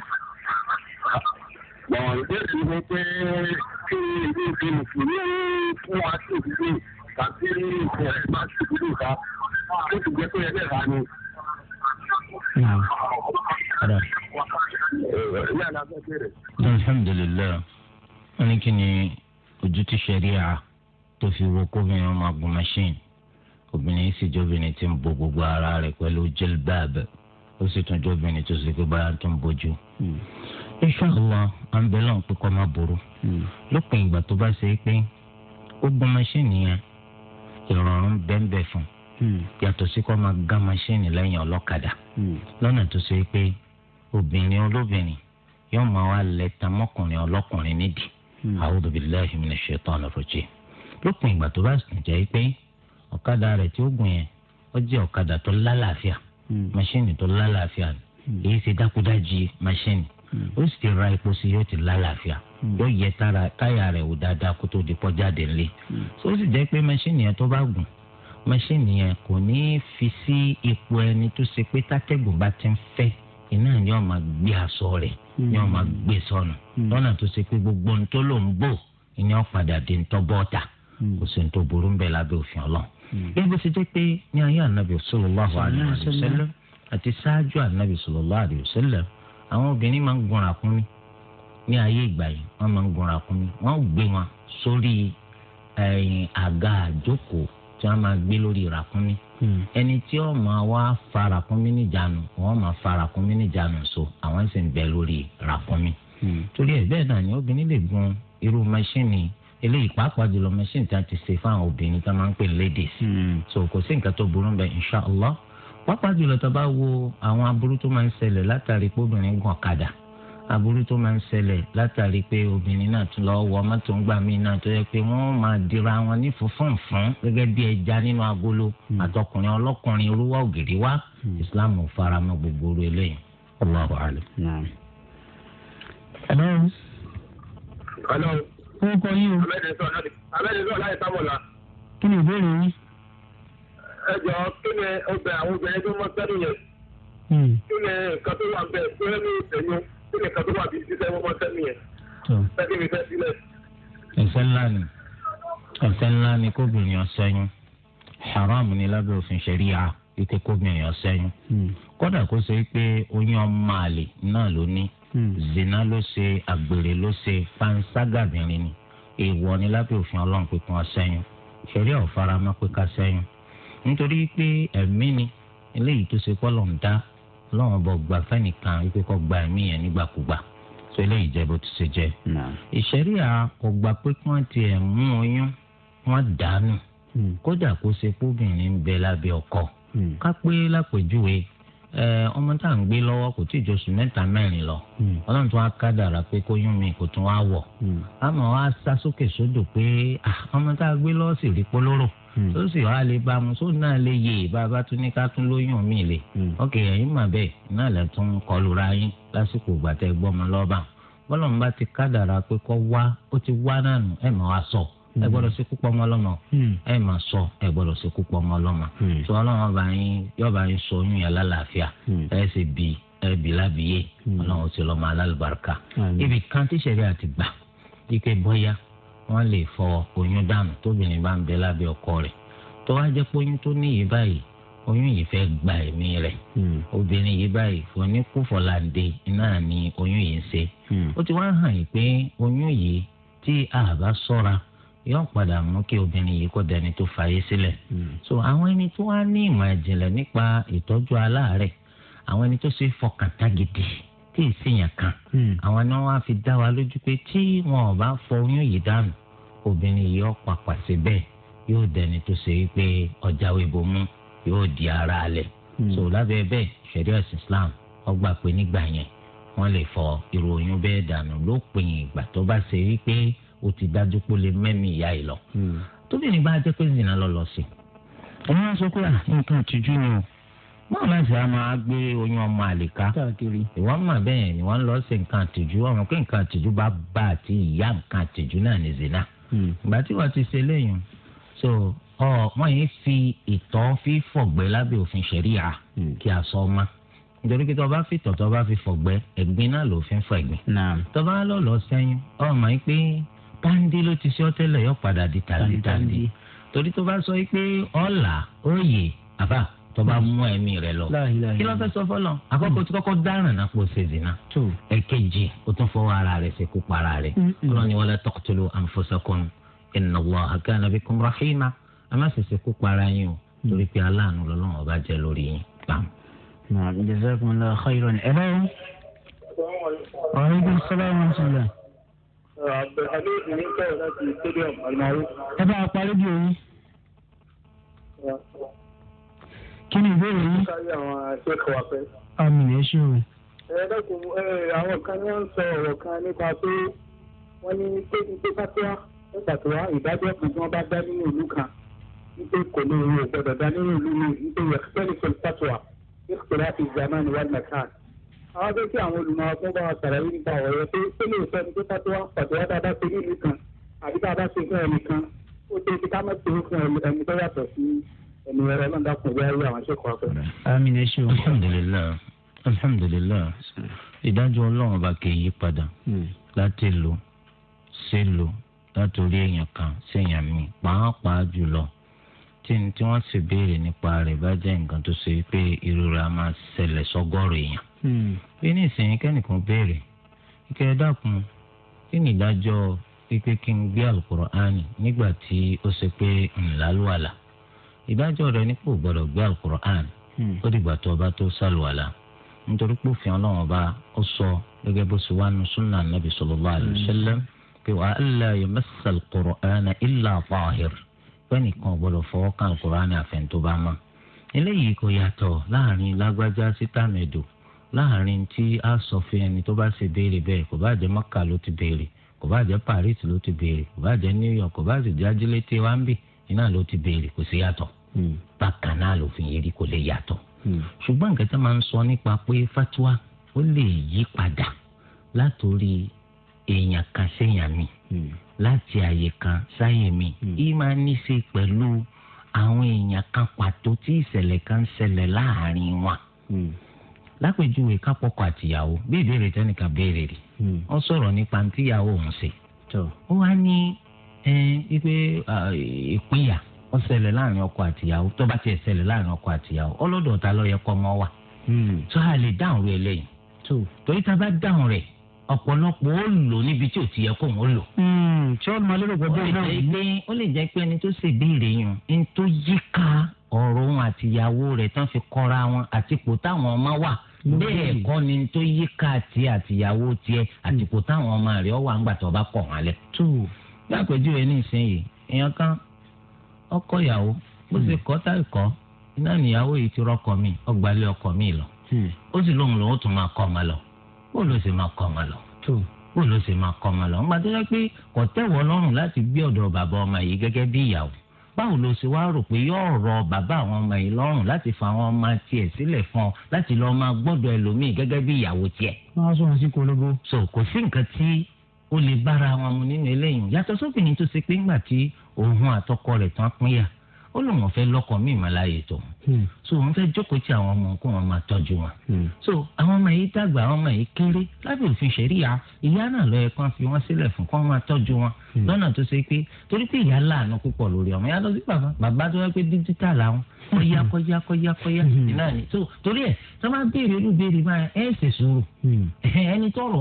Bọ̀wọ̀n ìbéèrè mi ni pé kí ni ìdí ìdí mùsùlùmí fún wa sí ìdílé tàbí ìfọ̀ ẹ̀ máa ṣe ìdílé ìta tó ti gbé tó yẹ lẹ́ẹ̀ta ni. Alhamdulillah. Wọ́n ní kí ni ojú tí sẹ́ríà tó fi wo kóbìnrin ọmọ agun machine obìnrin sì jóbìnrin tí ń bo gbogbo ara rẹ̀ pẹ̀lú jilbab ó sì tún jóbìnrin tó sì pé báyà tó ń bójú. Hmm. inṣàlá àǹbẹ̀lọ̀ pé kọ́ máa burú hmm. lópin ìgbà tó bá ṣe é pé ó machine yẹn ìrọ̀rùn bẹ́ńbẹ́ fún hmm. yàtọ̀ sí kọ́ máa gán machine lẹ́yìn ọlọ́kadà lọ́nà tó ṣe é pé obìnrin olóbìnrin yóò máa wá lẹ́ta mọ́kùnrin ọlọ́kùnrin nídìí Hmm. a'udhu billahi minash shaitanir rajim lópin ìgbà tó bá sùn jẹ́ pé ọ̀kadà rẹ̀ tí ó gùn yẹn ó jẹ́ ọ̀kadà tó lálàáfíà máṣíìnì hmm. tó lálàáfíà ni hmm. èyí ṣe dákúdájì máṣíìnì ó sì ti ra epo sí yóò ti lálàáfíà yóò yẹ táyà rẹ̀ wò dáadáa kó tó di pọ́ jáde ńlẹ̀ tó sì jẹ́ pé máṣíìnì yẹn tó bá gùn máṣíìnì yẹn kò ní fi sí ipò ẹni tó ṣe pé tátẹ́gùn bá ti ń fẹ́ iná yóò máa gbé aṣọ rẹ̀ hmm. yóò máa gbé sọnù hmm. lọ́nà tó ṣe pé gbogbo ohun tó ló ń bò iná padà di ń tọ́ bọ́ọ̀tà hmm. kò sí ní burú ń bẹ lábẹ́ òfin ọlọ́run. bí ṣe jẹ́ pé ní ayé ànábì sallallahu alaihi wasallam àti ṣáájú ànábì sallallahu alaihi wasallam àwọn obìnrin máa ń gun ràkúnmí ní ayé ìgbà yìí wọ́n máa ń gun ràkúnmí wọ́n gbé wọn sórí àga àjókòó tí wọ́n máa gbé lórí ràkúnmí hmm. ẹni tí ó máa wá fa ràkúnmí níjànú wọ́n máa fa níjànú so àwọn sì ń bẹ lórí ràkúnmí. Hmm. torí ẹ̀ bẹ́ẹ̀ náà ni obìnrin lè gun irú máṣíìnì eléyìí pàápàá jùlọ machine tí a ti ṣe fáwọn obìnrin tí a máa ń pè ladies. Hmm. so kò sí nǹkan tó burú bẹ́ẹ̀ insha allah pàápàá jùlọ tó bá wo àwọn aburú tó máa ń ṣẹlẹ̀ látàrí pé obìnrin gun ọ̀kadà aburú tó máa ń ṣẹlẹ̀ látàrí pé obìnrin náà tún lọ́ọ́ wọ mọ́tò ń gbà mí náà tó yẹ pé wọ́n máa dira wọn ní funfun fún gẹ́gẹ́ bí ẹja nínú agolo hmm. àtọkùnrin ọlọ́kùnrin olúwa ògiri wa hmm. Islam fara mọ́ gbogbo orí eléyìí. Allahu alam. Hello. Hello. Ó kọ yín o. Abẹ́rẹ́ sọ̀rọ̀ láti tábọ̀lá. Kí ni ìbéèrè yín? Ẹ jọ kí ni obìnrin àwọn obìnrin tó mọ sẹ́nu yẹn? Hmm. Kí ni nǹkan tó wà bẹ́ẹ̀ tó yẹ ó lè kàn tó wà bí ṣiṣẹ́ wọ́n máa sẹ́mi yẹn sẹ́kì mi fẹ́ sílẹ̀. ẹ̀ṣẹ̀ ńlá ni ẹ̀ṣẹ̀ ńlá ni kóbìnrin ọ̀sẹ́yún haram ni lábẹ́ òfin ṣẹ̀ríà ike kóbìnrin ọ̀sẹ́yún hmm. kódà kó ṣe pé oyún ọmọ àlè náà ló ní hmm. zina ló ṣe àgbèrè ló ṣe panṣágàbìnrin ni èèwọ̀ ni lábẹ́ òfin ọlọ́run pípọn ọ̀sẹ́yún ṣẹ̀ríà ò faramọ́ pé ká ṣẹ́yún nítorí pé ẹ̀mí ni eléyìí tó ṣe pọ́lọ̀ ọlọ́run ọba ọgbà fẹ́nìkan wípé kọ́ gba ẹ̀mí yẹn nígbàkúgbà tó eléyìí jẹ́ bó ti ṣe jẹ́. ìṣẹ̀ríà kò gbà pé kí wọ́n ti ẹ̀ mú oyún wọ́n dànù hmm. kódà kó ṣe kóbìnrin ń bẹ lábẹ́ ọkọ hmm. ká pé lápèjúwe ọmọ tá à ń gbé lọ́wọ́ kò tí ì jọ oṣù mẹ́ta mẹ́rin lọ hmm. ọlọ́run tó wá ká dàrá pé kó yún mi kò tún wá wọ̀ àmọ́ wá sá sókè sódò pé ọmọ tá a gbé lọ́wọ́ sì rí polóró. Hmm. tó sì wá lè bá mu tó náà lè yè bàbá tún ní ká tún lóyún mi lè hmm. ok ẹ̀yin mà bẹ́ẹ̀ náà lè tún kọlu ra yín lásìkò gbàtẹ́ gbọ́mọ lọ́ba bọ́lọ̀mù bá ti kádàrà pé kọ́ wá ó ti wá náà nù ẹ̀ mọ́ wa sọ ẹ hmm. gbọ́dọ̀ sí kúpọ̀ ọmọ ọlọ́mọ ẹ mà sọ ẹ gbọ́dọ̀ sí kúpọ̀ ọmọ ọlọ́mọ tó ọlọ́mọ bá yín yọba yín sọ oyún yẹn lálàáfíà ẹ sì bì ẹ bì lábìyẹ ọlọ́run ti lọ́mọ alálùbáríkà ibì kan tíṣẹ̀rí àti kíkẹ́ bọ́yá wọ́n lè fọ oyún dànù tóbìnrin bá ń bẹ lábẹ́ ọkọ rẹ̀ tó wá jẹ́ pé oyún tó ní yìí báyìí oyún yìí fẹ́ gba ẹ̀mí rẹ̀ hmm. obìnrin yìí báyìí fòní kú fọ̀làǹdè náà ni oyún yìí ń ṣe hmm. ó ti wá hàn yìí pé oyún yìí tí a bá ṣọ́ra yóò padà mú kí obìnrin yìí kó dẹni tó fàyè sílẹ̀ hmm. so àwọn ẹni tó wá ní ìmọ̀ ìjìnlẹ̀ nípa ìtọ́jú aláàárẹ̀ àwọn ẹni tó ṣe fọkàn tá tí ì sèyàn kan àwọn ni wọn fi dá wa lójú pé tí wọn ò bá fọ oyún yìí dànù obìnrin yìí ó pàpà sí bẹ́ẹ̀ yóò dẹni tó ṣe é pé ọjà ìbomú yóò di ara alẹ̀ hmm. so lábẹ́ bẹ́ẹ̀ ṣẹ̀ríà Islam ọgbà pé nígbà yẹn wọ́n lè fọ irú oyún bẹ́ẹ̀ dànù lópin ìgbà tó bá ṣe é pé o ti dájú pé o lè mẹ́mí ìyá yìí lọ hmm. tóbi nígbà jẹ́ pé zina lọ lọ sí i. sọ pé ah, nǹkan ìtìjú ni o báwo la ṣe máa gbé oyún ọmọ àlèká ìwọ mà bẹ́ẹ̀ ni wọ́n lọ ṣe nǹkan àtìjú ọmọ pé nǹkan àtìjú bá bá àti ìyá nǹkan àtìjú náà ní zina hmm. ìgbà tí wọ́n ti ṣe lẹ́yìn so ọ wọ́n yìí fi ìtọ̀ fi fọ̀gbẹ́ lábẹ́ òfin ṣẹ̀ríà hmm. kí a sọ ọmọ nítorí pé tó bá fi tọ̀tọ̀ bá fi fọ̀gbẹ́ ẹ̀gbin náà ló fi ń fọ ẹ̀gbin tó bá lọ lọ sẹ́yìn ọmọ yìí pé táǹdí ló ti ṣe ọ́ tẹ́lẹ̀ yóò padà di tàǹdí tàǹdí torí tó bá hmm. mú ẹ̀mí rẹ̀ lọ. kí ló fẹ́ sọ fọlọ́. àkọ́kọ́ tí kọ́kọ́ dáràn náà kó ṣe zina. ẹ̀kejì ó tún fọwọ́ ara rẹ̀ ṣe kó para rẹ̀. Hmm, hmm. ọlọ́run ni wala taqtulu anfusakum inna Allaha kana bikum rahima. a má ṣèṣe kó para yín o torí pé aláàánú lọ́lọ́run ọba jẹ́ lórí yín. jazakumullahu khairan ẹ̀rọ. wàhálà sàlámù sàlámù. ẹ bá a parí bí oyin kí ni ìbéèrè yín. àmì ẹ ṣe o. ẹ dẹ́kun àwọn kan ní wọ́n ń sọ ọ̀rọ̀ kan nípa pé wọ́n ní pé pé pápá nígbà tó wá ìdájọ́ kan tí wọ́n bá dá nínú ìlú kan nípé kò lè wo ìgbọ́dọ̀ dá nínú ìlú mi nípé yẹ̀kẹ́ni fún pátúwà nípò láti ìjàmá ni wọ́n mẹ̀kán. àwọn bẹ́ẹ̀ tí àwọn olùmọ̀ ọkọ̀ bá wa sàlàyé nípa ọ̀rọ̀ pé pé lè sọ ní pé pátúwà pàtúwà dáadáa pé nílùú kan àbí dáadáa ṣe fún ẹnì kan ó ṣe ti ká mọ̀ ẹnu rẹ lọ́dà kún bí ayé àwọn ṣe kọ́ ọ pẹ̀lú. amina ṣe o alhamdulilayi alhamdulilayi ìdájọ́ ọlọ́run ọba kì í yí padà hmm. láti lò ṣe lò látòrí èèyàn kan sí èèyàn míì pàápàá jùlọ tí tí wọ́n sì béèrè nípa rẹ̀ bá jẹ́ nǹkan tó ṣe pé ìrora máa ṣẹlẹ̀ sọ́gọ́rọ̀ èèyàn. bí hmm. ní ìsìn kẹ́nìkan béèrè ike ẹ dákun kí ni ìdájọ́ pípé kí n gbé àlùkùránì nígbà tí ó ṣe pé ńlá ló wà láà ìdájọ́ rẹ̀ ní kò gbọ́dọ̀ gbé alukur'an hmm. ó dìgbà tó ọba tó sálùwàlà nítorí pé òfin ọba ó sọ gẹ́gẹ́ bó ṣe wá nu sunna nabi sallallahu alayhi wa sallam pé wa alla fọwọ́ kan bá eléyìí kò yàtọ̀ láàrin lágbájá sí láàrin tí a sọ fún ẹni tó bá ṣe béèrè bẹ́ẹ̀ kò bá jẹ́ mọ́kà ló ti béèrè kò iná ló ti béèrè kò sí yàtọ̀ hmm. bákan náà lòfin yìí rí kò lè yàtọ̀ hmm. ṣùgbọ́n nǹkan tó máa ń sọ nípa pé fatwa ó lè yí padà látòrí èèyàn kan séèyàn mi hmm. láti àyè kan sáyè mi yìí máa ní í ṣe pẹ̀lú àwọn èèyàn kan pàtó tí ìṣẹ̀lẹ̀ kan ń ṣẹlẹ̀ láàárín wọn lápèjúwe kápọkọ àtìyàwó bí ìbéèrè tẹnìkan béèrè rí wọn sọ̀rọ̀ nípa tíyàwó òun ṣe ó wá ní ẹ ipe ìpínyà ó ṣẹlẹ̀ láàrin ọkọ àtìyàwó tó bá tiẹ̀ ṣẹlẹ̀ láàrin ọkọ àtìyàwó ọlọ́dọ̀ ta ló yẹ kọ́ ọmọ wa tó a lè dáhùn rẹ̀ lẹ́yìn torí tá a bá dáhùn rẹ̀ ọ̀pọ̀lọpọ̀ ó lò níbi tí ò ti yẹ kó ń lò. ṣé ọ̀nà alérò gbọ́dọ̀ náà yìí. ó lè jẹ́ pé ẹni tó ṣe ìbéèrè yẹn ń tó yíká ọ̀rọ̀ òun àtìyàwó rẹ̀ tán fi kọ́ra wọn àtipò táwọn ọmọ wà hmm. bẹ́ẹ̀ kọ́ ni tó yíká tiẹ̀ àtìyàwó tiẹ̀ àtipò táwọn ọmọ rẹ̀ ọ̀wà ńgbà tó bá kọ̀ wọn lẹ̀ lápèjúwe ní ìsinyìí èèyàn kan ọkọ ìyàwó bó ṣe hmm. kọ́ tá ìkọ́ iná níyàwó yìí ti rọ́kọ mi ọgbàlẹ̀ ọkọ mi lọ hmm. ó sì lóun lòun tún máa kọ́ ọmọ lọ bó ló ṣe máa kọ́ ọmọ lọ bó ló ṣe máa kọ́ ọmọ lọ ńgbà tó yẹ pé kò tẹ́wọ́ lọ́rùn láti gbé ọ̀dọ̀ bàbá ọmọ yìí gẹ́gẹ́ bí ìyàwó báwo ló ṣe wáá rò pé yóò rọ bàbá àwọn ọmọ yìí lọ́rùn láti fa àwọn ọmọ tiẹ̀ sílẹ̀ fún ọ láti lọ́ọ́ máa gbọ́dọ̀ ẹlòmíì gẹ́gẹ́ bí ìyàwó tiẹ̀. wọ́n á sọ wọn sí kolobo. so kò sí nǹkan tí ó lè bára wọn mu nínú eléyìí yàtọ̀ sóbìnrin tó ṣe pé ńgbà tí òun àtọkọ rẹ̀ tán pínyà ó lóun ọ̀fẹ́ lọ́kọ̀ mí ìmọ̀láyè tó hmm. so òun fẹ́ jókòó tí àwọn ọmọ kó wọn máa tọ́jú wọn hmm. so àwọn ọmọ yìí dàgbà àwọn ọmọ yìí kéré lábẹ́ òfin ṣẹ̀ríya ìyá náà lọ́yẹ kan fi wọ́n sílẹ̀ fún kó máa tọ́jú wọn Hmm. lọ́nà tó ṣe pé torí pé ìyá láàánú púpọ̀ lórí ọmọ yàtọ̀ sí bàbá bàbá tó wá pé díjítàl àwọn hmm. kọ́yá kọ́yá kọ́yá kọ́yá hmm. náà ni tó torí ẹ̀ tó máa béèrè irú béèrè máa ẹ̀ ṣe sùúrù ẹni tọrọ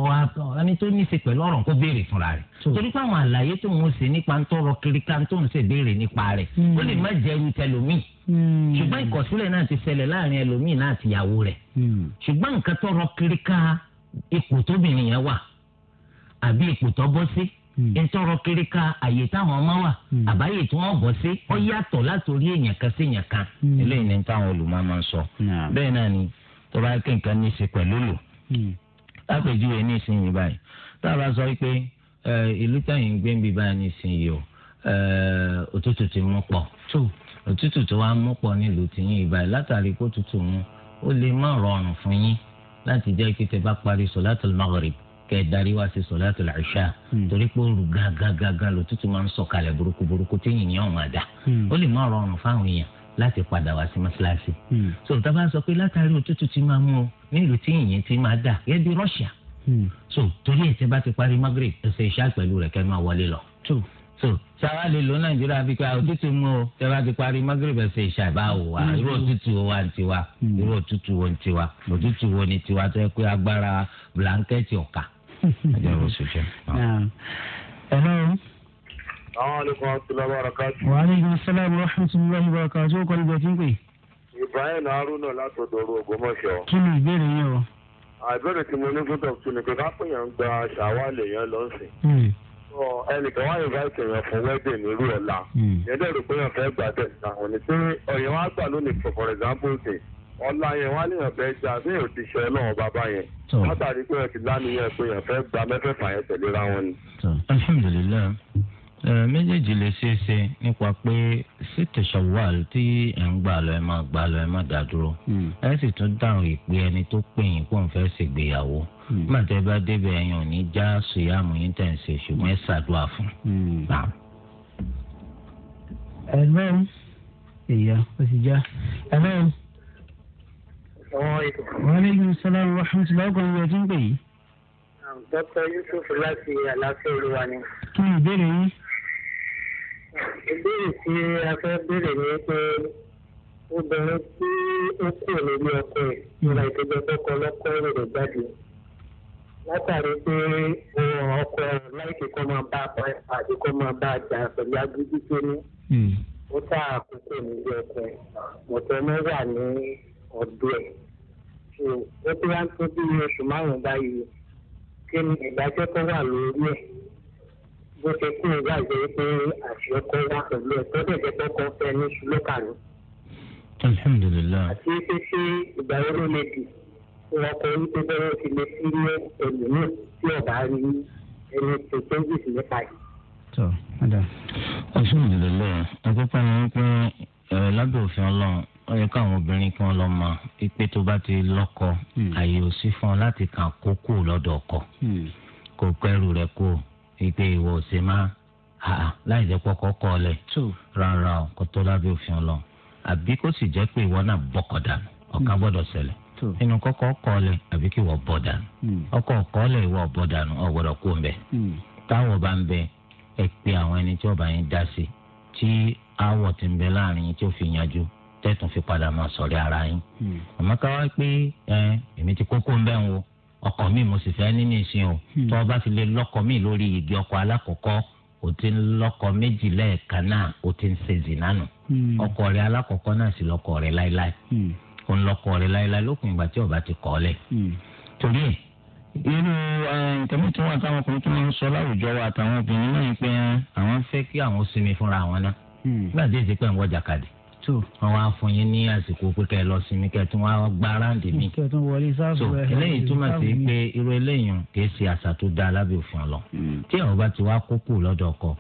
ẹni tó ní í ṣe pẹ̀lú ọ̀rọ̀ kó béèrè fúnra rẹ̀ torí pé àwọn àlàyé tó ń ṣe nípa ń tọrọ kiri ká tó ń ṣe béèrè nípa rẹ̀ ó lè má jẹ́ irú tẹlómìn ṣùgbọ́n ìkọ̀sílẹ̀ náà ti ṣẹlẹ̀ láàrin ẹlòmíì náà àtìyàwó rẹ̀ ṣùgbọ́n nǹkan tọrọ kiri ká ipò tóbìnrin yẹn wà àbí ipò tó bọ́ sí Hmm. ntọrọ kiri ka àyè táwọn ọmọ wà hmm. àbáyé tí wọn bọ sí ọ hmm. yàtọ̀ látòrí èèyàn kan sí èèyàn kan eléyìí ni táwọn olùmọ̀ máa ń sọ bẹ́ẹ̀ náà ni tó bá kí nǹkan ní í ṣe pẹ̀lú lò lápèjúwe ní ìsinyìí báyìí tá a bá sọ pé ìlú tẹ̀yìn gbé ń bí báyìí ní ìsinyìí o òtútù ti mú pọ̀ òtútù tó wá mú pọ̀ nílùú tìyìn ìbáyìí látàrí kó tutù mu ó lè má rọrùn fún yín láti jẹ́ kí tẹ bá parí solatul maghrib kẹ́ ẹ darí wá sí sọ̀láàtù làṣà hmm. torí pé òru gágágágá ló tútù máa ń sọ̀kalẹ̀ burúkú burúkú tí yìnyín ọ̀hún hmm. àdá ó lè má rọrùn fáwọn èèyàn láti padà wá sí mọ́ṣáláṣí. Hmm. so tá a bá sọ pé látàrí òtútù ti máa mú ọ ní tí yìnyín ti máa dà gẹ́gẹ́ bí Russia. so torí ẹ̀ tẹ́ bá ti parí Maghrib ẹ̀sẹ̀ iṣẹ́ pẹ̀lú rẹ̀ kẹ́ máa wọlé lọ. so sáwá lè lo Nàìjíríà bí pé òtútù mú ọ tẹ́ bá ti parí Maghrib ẹ̀sẹ̀ iṣẹ́ ìbáwò wa irú òtútù wo wa ń tiwa irú òtútù wo ń tiwa òtútù wo ni tiwa tó yẹ pé agbára blanketi ọ̀ka ẹjẹ bó ṣe jẹ. hello. salaamaleykum abdullahi barakatu. wa aleykum salaam wa rahmatulahi o kọ́ni bẹ̀tí ń pè. ibrahim haruna látọ̀dọ̀rọ̀ ògbómọ̀ṣọ́. kí ni ìbéèrè yẹn o. àìbẹ̀rẹ̀ tí mo ní fún dọ̀tí ni kí kápẹ́yàn gba ṣàwálẹ̀ yẹn lọ́sìn hmm. ẹnìkan wá invite èèyàn fún wedding nírú ọ̀la hmm. yẹn dẹ̀ rò pé èèyàn fẹ́ gbà bẹ́ẹ̀ àwọn ní pé ọ̀yàn wá gbà lónìí for ọ̀la yẹn wọ́n á níyàn fẹ́ já bí èèyàn ti ṣe ọlọ́run bàbá yẹn látàrí pé èèyàn ti lánìyàn pé èèyàn fẹ́ gba mẹ́fẹ̀ẹ̀fà yẹn tẹ̀lé ra wọn ni. alhamdulilayi méjèèjì lè ṣeé ṣe nípa pé sítì ṣọwọ́l tí ẹ̀ ń gbà lọ ẹ̀ máa gbà lọ ẹ̀ máa dá dúró hmm. ẹ sì tún dáhùn ìpè ẹni tó pè yín kó n fẹ́ ṣègbéyàwó mọ̀tẹ́ hmm. bá débẹ̀ ẹ̀yàn ò ní já sùyàmù yín tẹ̀ ń ṣe ṣùgbọ́n ẹ̀ ṣàdúrà fún un. ẹ lọ́run èèyàn ó ti waaleykum salaam wa rahmatulah ọkọ mi ọtí ń pè yìí. dókítà yusuf láti àlàáfíà olúwa ni. kí ni ìbéèrè yín. ìbéèrè tí a fẹ́ béèrè ni pé obìnrin tí ó kúrò lórí ọkọ ẹ̀ nígbà ìtọ́jú ọkọ ọlọ́kọ rẹ̀ jáde látàrí pé ọkọ láìpẹ́ kó máa bá apá àti kó máa bá àjà pẹ̀lú agídí tó ní. Hmm. ó ta àkókò nílé ọkọ ẹ̀ mọ̀tọ́ náà ní ọ̀dọ́ ẹ̀ so ó tó wá tó bí oṣù márùn báyìí kí ni ìdájọ́ tó wà lórí ẹ̀ bó ṣe kú ìgbà jẹ́ pé àṣẹ kọ́ wá pẹ̀lú ẹ̀ tó dẹ̀ jẹ́ kọ́kọ́ fẹ́ ní ṣùlọ́kà ni. alhamdulilayi. àti pé ṣé ìgbà ló lè dì wọn kọ wípé bẹ́ẹ̀ ti lè fi ní ẹlòmíràn tí ọ̀bá rí ẹni tó tó ń gbèsè nípa yìí. tó ọ̀dà alhamdulilayi akọ́kọ́ ni wọ́n pẹ́ lábẹ́ òfin ọlọ́run ó yẹ káwọn obìnrin kí lọ mọ pípé tó bá ti lọ́kọ hmm. àyè o sí fún ọ láti kàn kó kù lọ́dọ̀ kó hmm. rẹ kó pípé ìwọ ò ṣe má láì jẹ́ pọkọ kọ ọ lẹ rárá o tó lábẹ́ òfin ọlọ àbí kó sì jẹ́ pé kọkọ hmm. ọ àbí kí ọkọ ọ ìwọ dànù kó mbẹ táwọn ẹni tí ọba yẹn dá sí tí ti ń bẹ láàrin tí ó fi tẹ́tùn fi padà máa sọ̀rọ̀ ara yín. Hmm. àmọ́ ká wá pé èmi ti kókó ń bẹ́ ń wo ọkọ̀ mi mo sì fẹ́ nínú ìsìn o hmm. tó o bá fi lè lọ́kọ̀ mi lórí igi ọkọ̀ alákọ̀ọ́kọ́ o ti ń lọ́kọ̀ méjì lẹ́ẹ̀kan náà o ti ń ṣe zì nánu hmm. ọkọ̀ rẹ alákọ̀ọ́kọ́ náà sì lọ́kọ̀ rẹ láéláé o ń lọ́kọ̀ rẹ láéláé lókun ìgbà tí o bá ti kọ́ lẹ̀. torí ẹ irú tẹ̀mí tí wọ́n àtàwọn ọkùnrin tí wọ́n ń sọ láwùjọ wa àtàwọn obìnrin náà ń pẹ́ àwọn fẹ́ kí àwọn sinmi fúnra àwọn náà nígbà pẹ̀ ń wọ́ jàkadì tó wọn wá fún yín ní àsìkò pé kẹ́ lọ sinmi kẹ́ tún wá gbá ráǹdì mi tó eléyìí túmọ̀ sí pé irú eléyìí kìí ṣe àṣà tó dáa lábẹ́ òfin ọ̀lọ́ mm. tí àwọn bá ti wá kókó lọ́dọ̀ ọkọ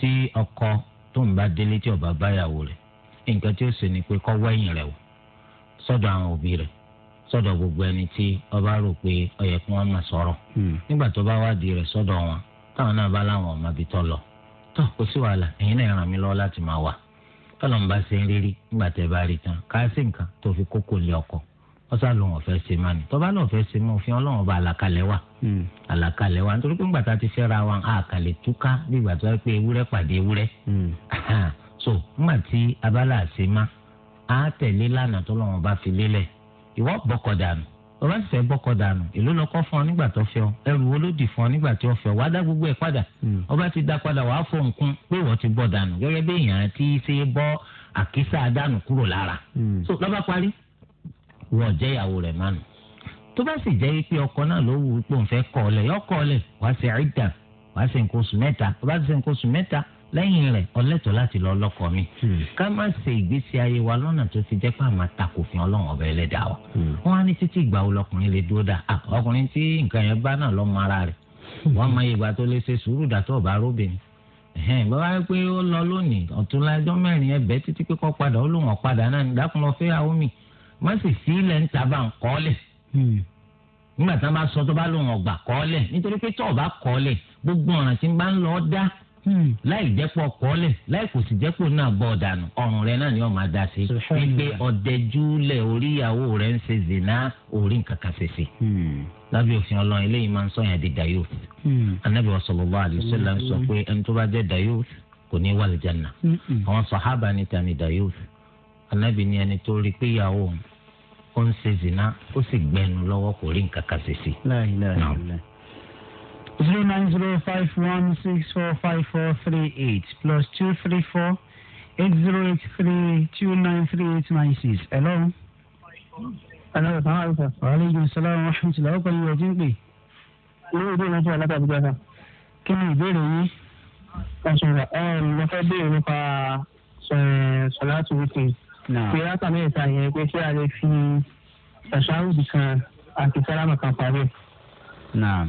tí ọkọ tó ń bá délé tí ọba báyàwó rẹ̀ nǹkan tí ó ṣe ni pé kó wẹ̀yìn rẹ̀ wò sọ́dọ̀ àwọn òbí rẹ̀ sọ́dọ̀ gbogbo ẹni tí ọba rò pé ó yẹ kí wọ́n máa sọ̀rọ̀ mm. nígbà tó bá wádìí rẹ̀ sọ́dọ̀ wọn táwọn náà bá láwọn ọmọ ibi tọ́ lọ tó kò sí wàhálà ẹ̀yin náà ràn mí lọ́wọ́ láti máa wà tọ́lọ̀ ń bá ṣe ń rírí nígbà tẹ́ bá rí tán káàsì nǹkan tó fi kókó lé ọkọ̀ wọ́n sá lóun ọ̀fẹ́ ṣe máa ní tọ́ba náà fẹ́ ṣe mọ́ òfin ọlọ́run ọba àlàkalẹ̀ wà hmm. àlàkalẹ̀ wa nítorí pé ńgbà tá a ti fẹ́ra wa àkàlẹ̀ túká bí ìgbà tó wáyé pé ewúrẹ́ pàdé ewúrẹ́ hmm. so ńgbà tí abala àṣemá á tẹ̀lé lánàá tó lọ́wọ́n fi lélẹ̀ ìwọ́ bọ́kọ̀ dànù ọba sì fẹ́ gbọ́kọ̀ dànù èló lọ́kọ́ fún ọ nígbà tó fẹ́ ọ ẹrù wo ló dì fún ọ nígbà tó fẹ́ ọ wàá dá gbogbo ẹ̀ padà hmm. ọba ti dá padà wàá fọ nǹkan pé wọ́n ti bọ́ dànù gẹ́gẹ́ bí èèyàn ti ṣe bọ́ àkísà dànù kúrò lára hmm. so lọ́ba parí wọ́n jẹ́ ìyàwó rẹ̀ mánu tó bá sì jẹ́ pé ọkọ náà ló wù ú pé òun fẹ́ kọ́ ọ lẹ̀ yọ kọ́ ọ lẹ̀ wàá ṣe àìdà wàá ṣe nǹkan oṣù mẹ́ta lẹ́yìn rẹ̀ ọlẹ́tọ̀ láti lọ lọ́kọ mi. Hmm. ká má ṣe ìgbésí ayé wa lọ́nà tó ti jẹ́ pé àmà takòfin ọlọ́run ọba ẹlẹ́dàá wa. Hmm. wọ́n á ní títí ìgbà wo lọkùnrin lè dúró dà ọkùnrin tí nǹkan yẹn bá náà lọ́mọ ara rẹ̀ hmm. wọ́n máa yẹ ìgbà tó lè ṣe sùúrù dàtọ̀ ọba aróbìnrin. bàbá yẹn pé ó lọ lónìí ọ̀túnlájọ́ mẹ́rin ẹ̀bẹ́ títí pé kọ́ padà ó lóun ọ̀padà náà mi má sì sí ilẹ̀ ń taba nkọ́lẹ̀ nígbà tí wọ́n bá sọ tó bá lóun ọ̀gbà kọ́lẹ̀ nítorí pé tó ọ̀bá kọ́lẹ̀ gbogbo ọ̀ràn tí ń bá ń lọ dá Hmm. láì jẹ́pọ̀ kọ́lẹ̀ láì kò sì jẹ́pọ̀ náà bọ̀ dànù ọ̀run rẹ náà ni ọ̀ máa da sí wípé ọ̀dẹ́júlẹ̀ orí ìyàwó rẹ̀ ń ṣe zina orí nǹkan kan ṣe ṣe hmm. lábẹ́ òfin ọlọ́run eléyìí máa ń sọ yẹn di dayo anabi hmm. wa sallallahu alaihi wasallam ń sọ pé ẹni tó bá jẹ́ dayo kò ní wà lìjànà àwọn sàhábà ní tani dayo anabi ni ẹni tó rí pé ìyàwó ó ń ṣe zina ó sì gbẹnu lọ́wọ́ kò rí nǹkan kan láì láì láì zero nine zero five one six four five four three eight plus two three four eight zero eight three two nine three eight nine six. Hello. Hello, salaam alaikum. Wa aleykum salaam wa rahmatulah. Ó pẹ̀lú ọdún pè. Ilé ìdí ìlú ti alága àbújá kan. Kí ni ìbéèrè yín? Ọ̀ṣunra ẹ̀ mo fẹ́ béèrè nípa sọ̀láàtù wípé. Pé látà mẹ́ta yẹn pé ṣé a lè fi ṣàṣàrùbì kan àti sálámà kan parí. Naam.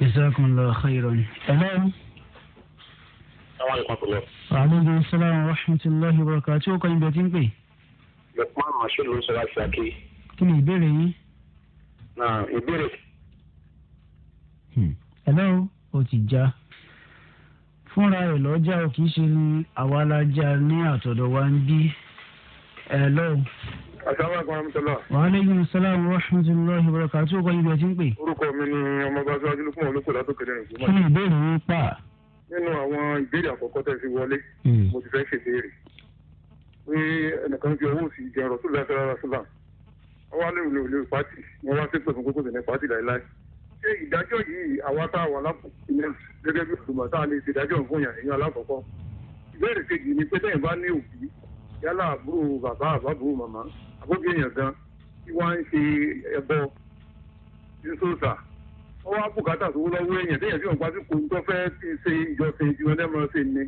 Jazakumullahu khairan. Hello. Aleykum salaam wa rahmatulahi wa barakatuh. Tí o kọ́ ibẹ̀ tí ń pè. Lukman Mashood ló ń sọ̀rọ̀ àti Aki. Kí ni ìbéèrè yín? Na ìbéèrè. Hmm. Hello, o ti já. Fúnra ẹ̀ lọ́jà ò kì í ṣe ni àwa la já ní àtọ̀dọ̀ wa ń bí. Hello waaleykum salaam wa rahmatulahi wa barakatuh ọkọ ibi ẹtí ń pè. orúkọ mi ni ọmọọba aṣáájú lókùnmọ̀ olóko látòkèrè nìkú. kí ni ìbéèrè yín pa. nínú àwọn ìbéèrè àkọ́kọ́ tẹ̀ sí wọlé hmm. mo ti fẹ́ ṣèbéèrè pé ẹnìkan fi owó òsì jẹun rọ̀ sílẹ̀ fẹ́rẹ́ rà sílẹ̀ wọ́n wá lérò lérò pátì wọ́n wá sépè fún kókó sí ní pátì láéláé ṣé ìdájọ́ yìí àwa tá a wà lápòkù gẹ́gẹ́ bí olùmọ̀ tá a lè ṣe ìdájọ́ fún yàn èèyàn alákọ̀ọ́kọ́ ìbéèrè kejì ni pé yálà àbúrò bàbá àbábùrò màmá àbójú èèyàn gan tí wọ́n á ń ṣe ẹbọ ní sóòsà wọ́n wá bùkátà sówó lọ́wọ́ èèyàn téèyàn tí wọ́n pa sí kò ń tọ́fẹ́ ti ṣe ìjọsìn ju ọdẹ mọ́ ṣe ni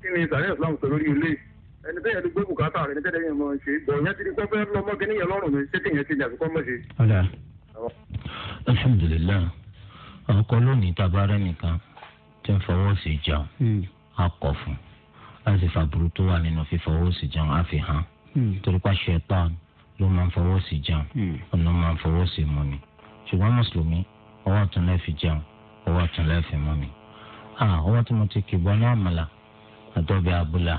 kí ni sàrẹ́ islam sọ lórí ilé ẹni téèyàn ti gbé bùkátà rẹ̀ ní tẹ́lẹ̀ yẹn mọ́ ṣe bọ̀ yẹn ti di pé fẹ́ kí níyẹn lọ́rùn mi ṣé téèyàn ti dàbí kọ́ mọ́ ṣe. alhamdulilayi ọkọ lónìí tabarẹ nìkan tí ń fọwọ́ sí jẹun hmm. a kọ̀ fún láti fàbùrù tó wà nínú fífọwọ́ sí jẹun á Hmm. torí pa ṣẹ̀tàn ló máa ń fọwọ́ sí jẹun ọ̀nà hmm. máa ń fọwọ́ sí mu ni ṣùgbọ́n mùsùlùmí ọwọ́ ọ̀tún lẹ́ fi jẹun ọwọ́ ọ̀tún lẹ́ fi mu ni. ọwọ́ tí mo ti kì bọ́ ní àmàlà àtọ́bẹ̀ abúlà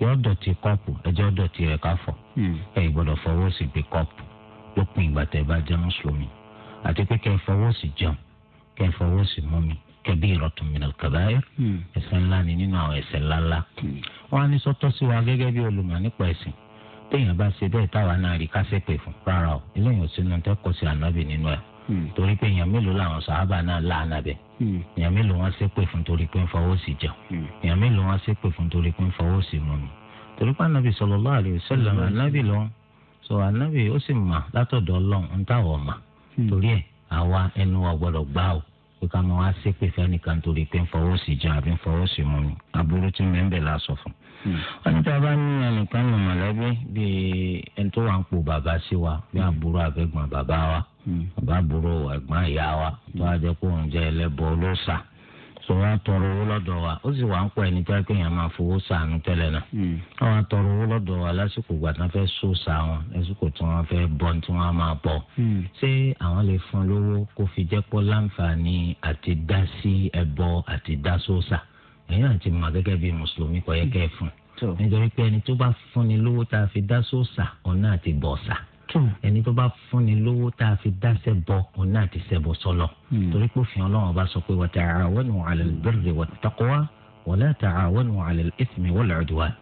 yóò dọ̀tí kọ́ọ̀pù ẹjọ́ dọ̀tí rẹ̀ káfọ̀ hmm. ẹ̀ gbọ́dọ̀ fọwọ́ sí gbé kọ́ọ̀pù lópin ìgbà tẹ̀ bá jẹ́ mùsùlùmí àti pé kẹ́ ẹ fọwọ́ sí jẹun kẹ́ ńlá ni nínú àwọn ẹ̀ṣẹ̀ ńláńlá wọn á ní sọ́tọ̀ sí wa gẹ́gẹ́ bí olùmọ̀ nípa ẹ̀sìn téèyàn bá ṣe bẹ́ẹ̀ táwa náà rí kásẹ̀ pè fún rárá o eléyìí ò sínú tẹ́ kọ́ sí ànábì nínú ẹ̀ hmm. torí pé èèyàn mélòó làwọn sàhábà náà láàánà hmm. èèyàn mélòó wọn ṣe pè fún torí pé ń fọwọ́ sí jẹun hmm. èèyàn mélòó wọn ṣe pè fún torí pé ń fọwọ́ sí mọ́mi torí pé ànábì sallallahu alaihi wasallam ànábì lọ́wọ́ sọ ànábì ó sì mà látọ̀dọ̀ ọlọ́run ń táwọ̀ mà torí ẹ̀ àwa ẹnu wa gbá o pé ká máa wá ṣépè fẹ́nìkan torí pé Hmm. wọ́n ní a bá ní ẹnìkan nù mọ̀lẹ́bí bíi ẹni tó wà ń po bàbá sí wa bí hmm. àbúrò àbẹ̀gbọ́n bàbá wa hmm. bàbá àbúrò ẹ̀gbọ́n ìyá wa tó a jẹ́ kó ń jẹ́ ẹlẹ́bọ olóòṣà tó wọ́n tọrọ owó lọ́dọ̀ wa ó sì wà ń pọ̀ ẹni tí wọ́n kéèyàn máa fowó sànù tẹ́lẹ̀ náà wọ́n tọrọ owó lọ́dọ̀ wa lásìkò gbà tán fẹ́ so sa wọn lásìkò tí wọ́n fẹ́ bọ́ tí wọ́n máa bọ̀ ṣé àwọn lè fún lówó kó fi jẹ́ pọ́ láǹfààní àti dá sí ẹbọ àti dá sóòṣà ẹ̀yin àti mọ̀ gẹ́gẹ́ bíi mùsùlùmí kò yẹ kẹ́ fún nítorí pé ẹni tó bá fúnni lówó tá a fi dá sóòṣà ọ̀nà àti bọ̀ọ̀ṣà ẹni tó bá fúnni lówó tá a fi dáṣẹ bọ òun náà ti ṣẹbọ sọlọ hmm. torí pé òfin Ọlọ́run bá sọ pé wa ta'awanu 'ala al-birri wat-taqwa wa la ta'awanu 'ala al-ithmi wal-'udwan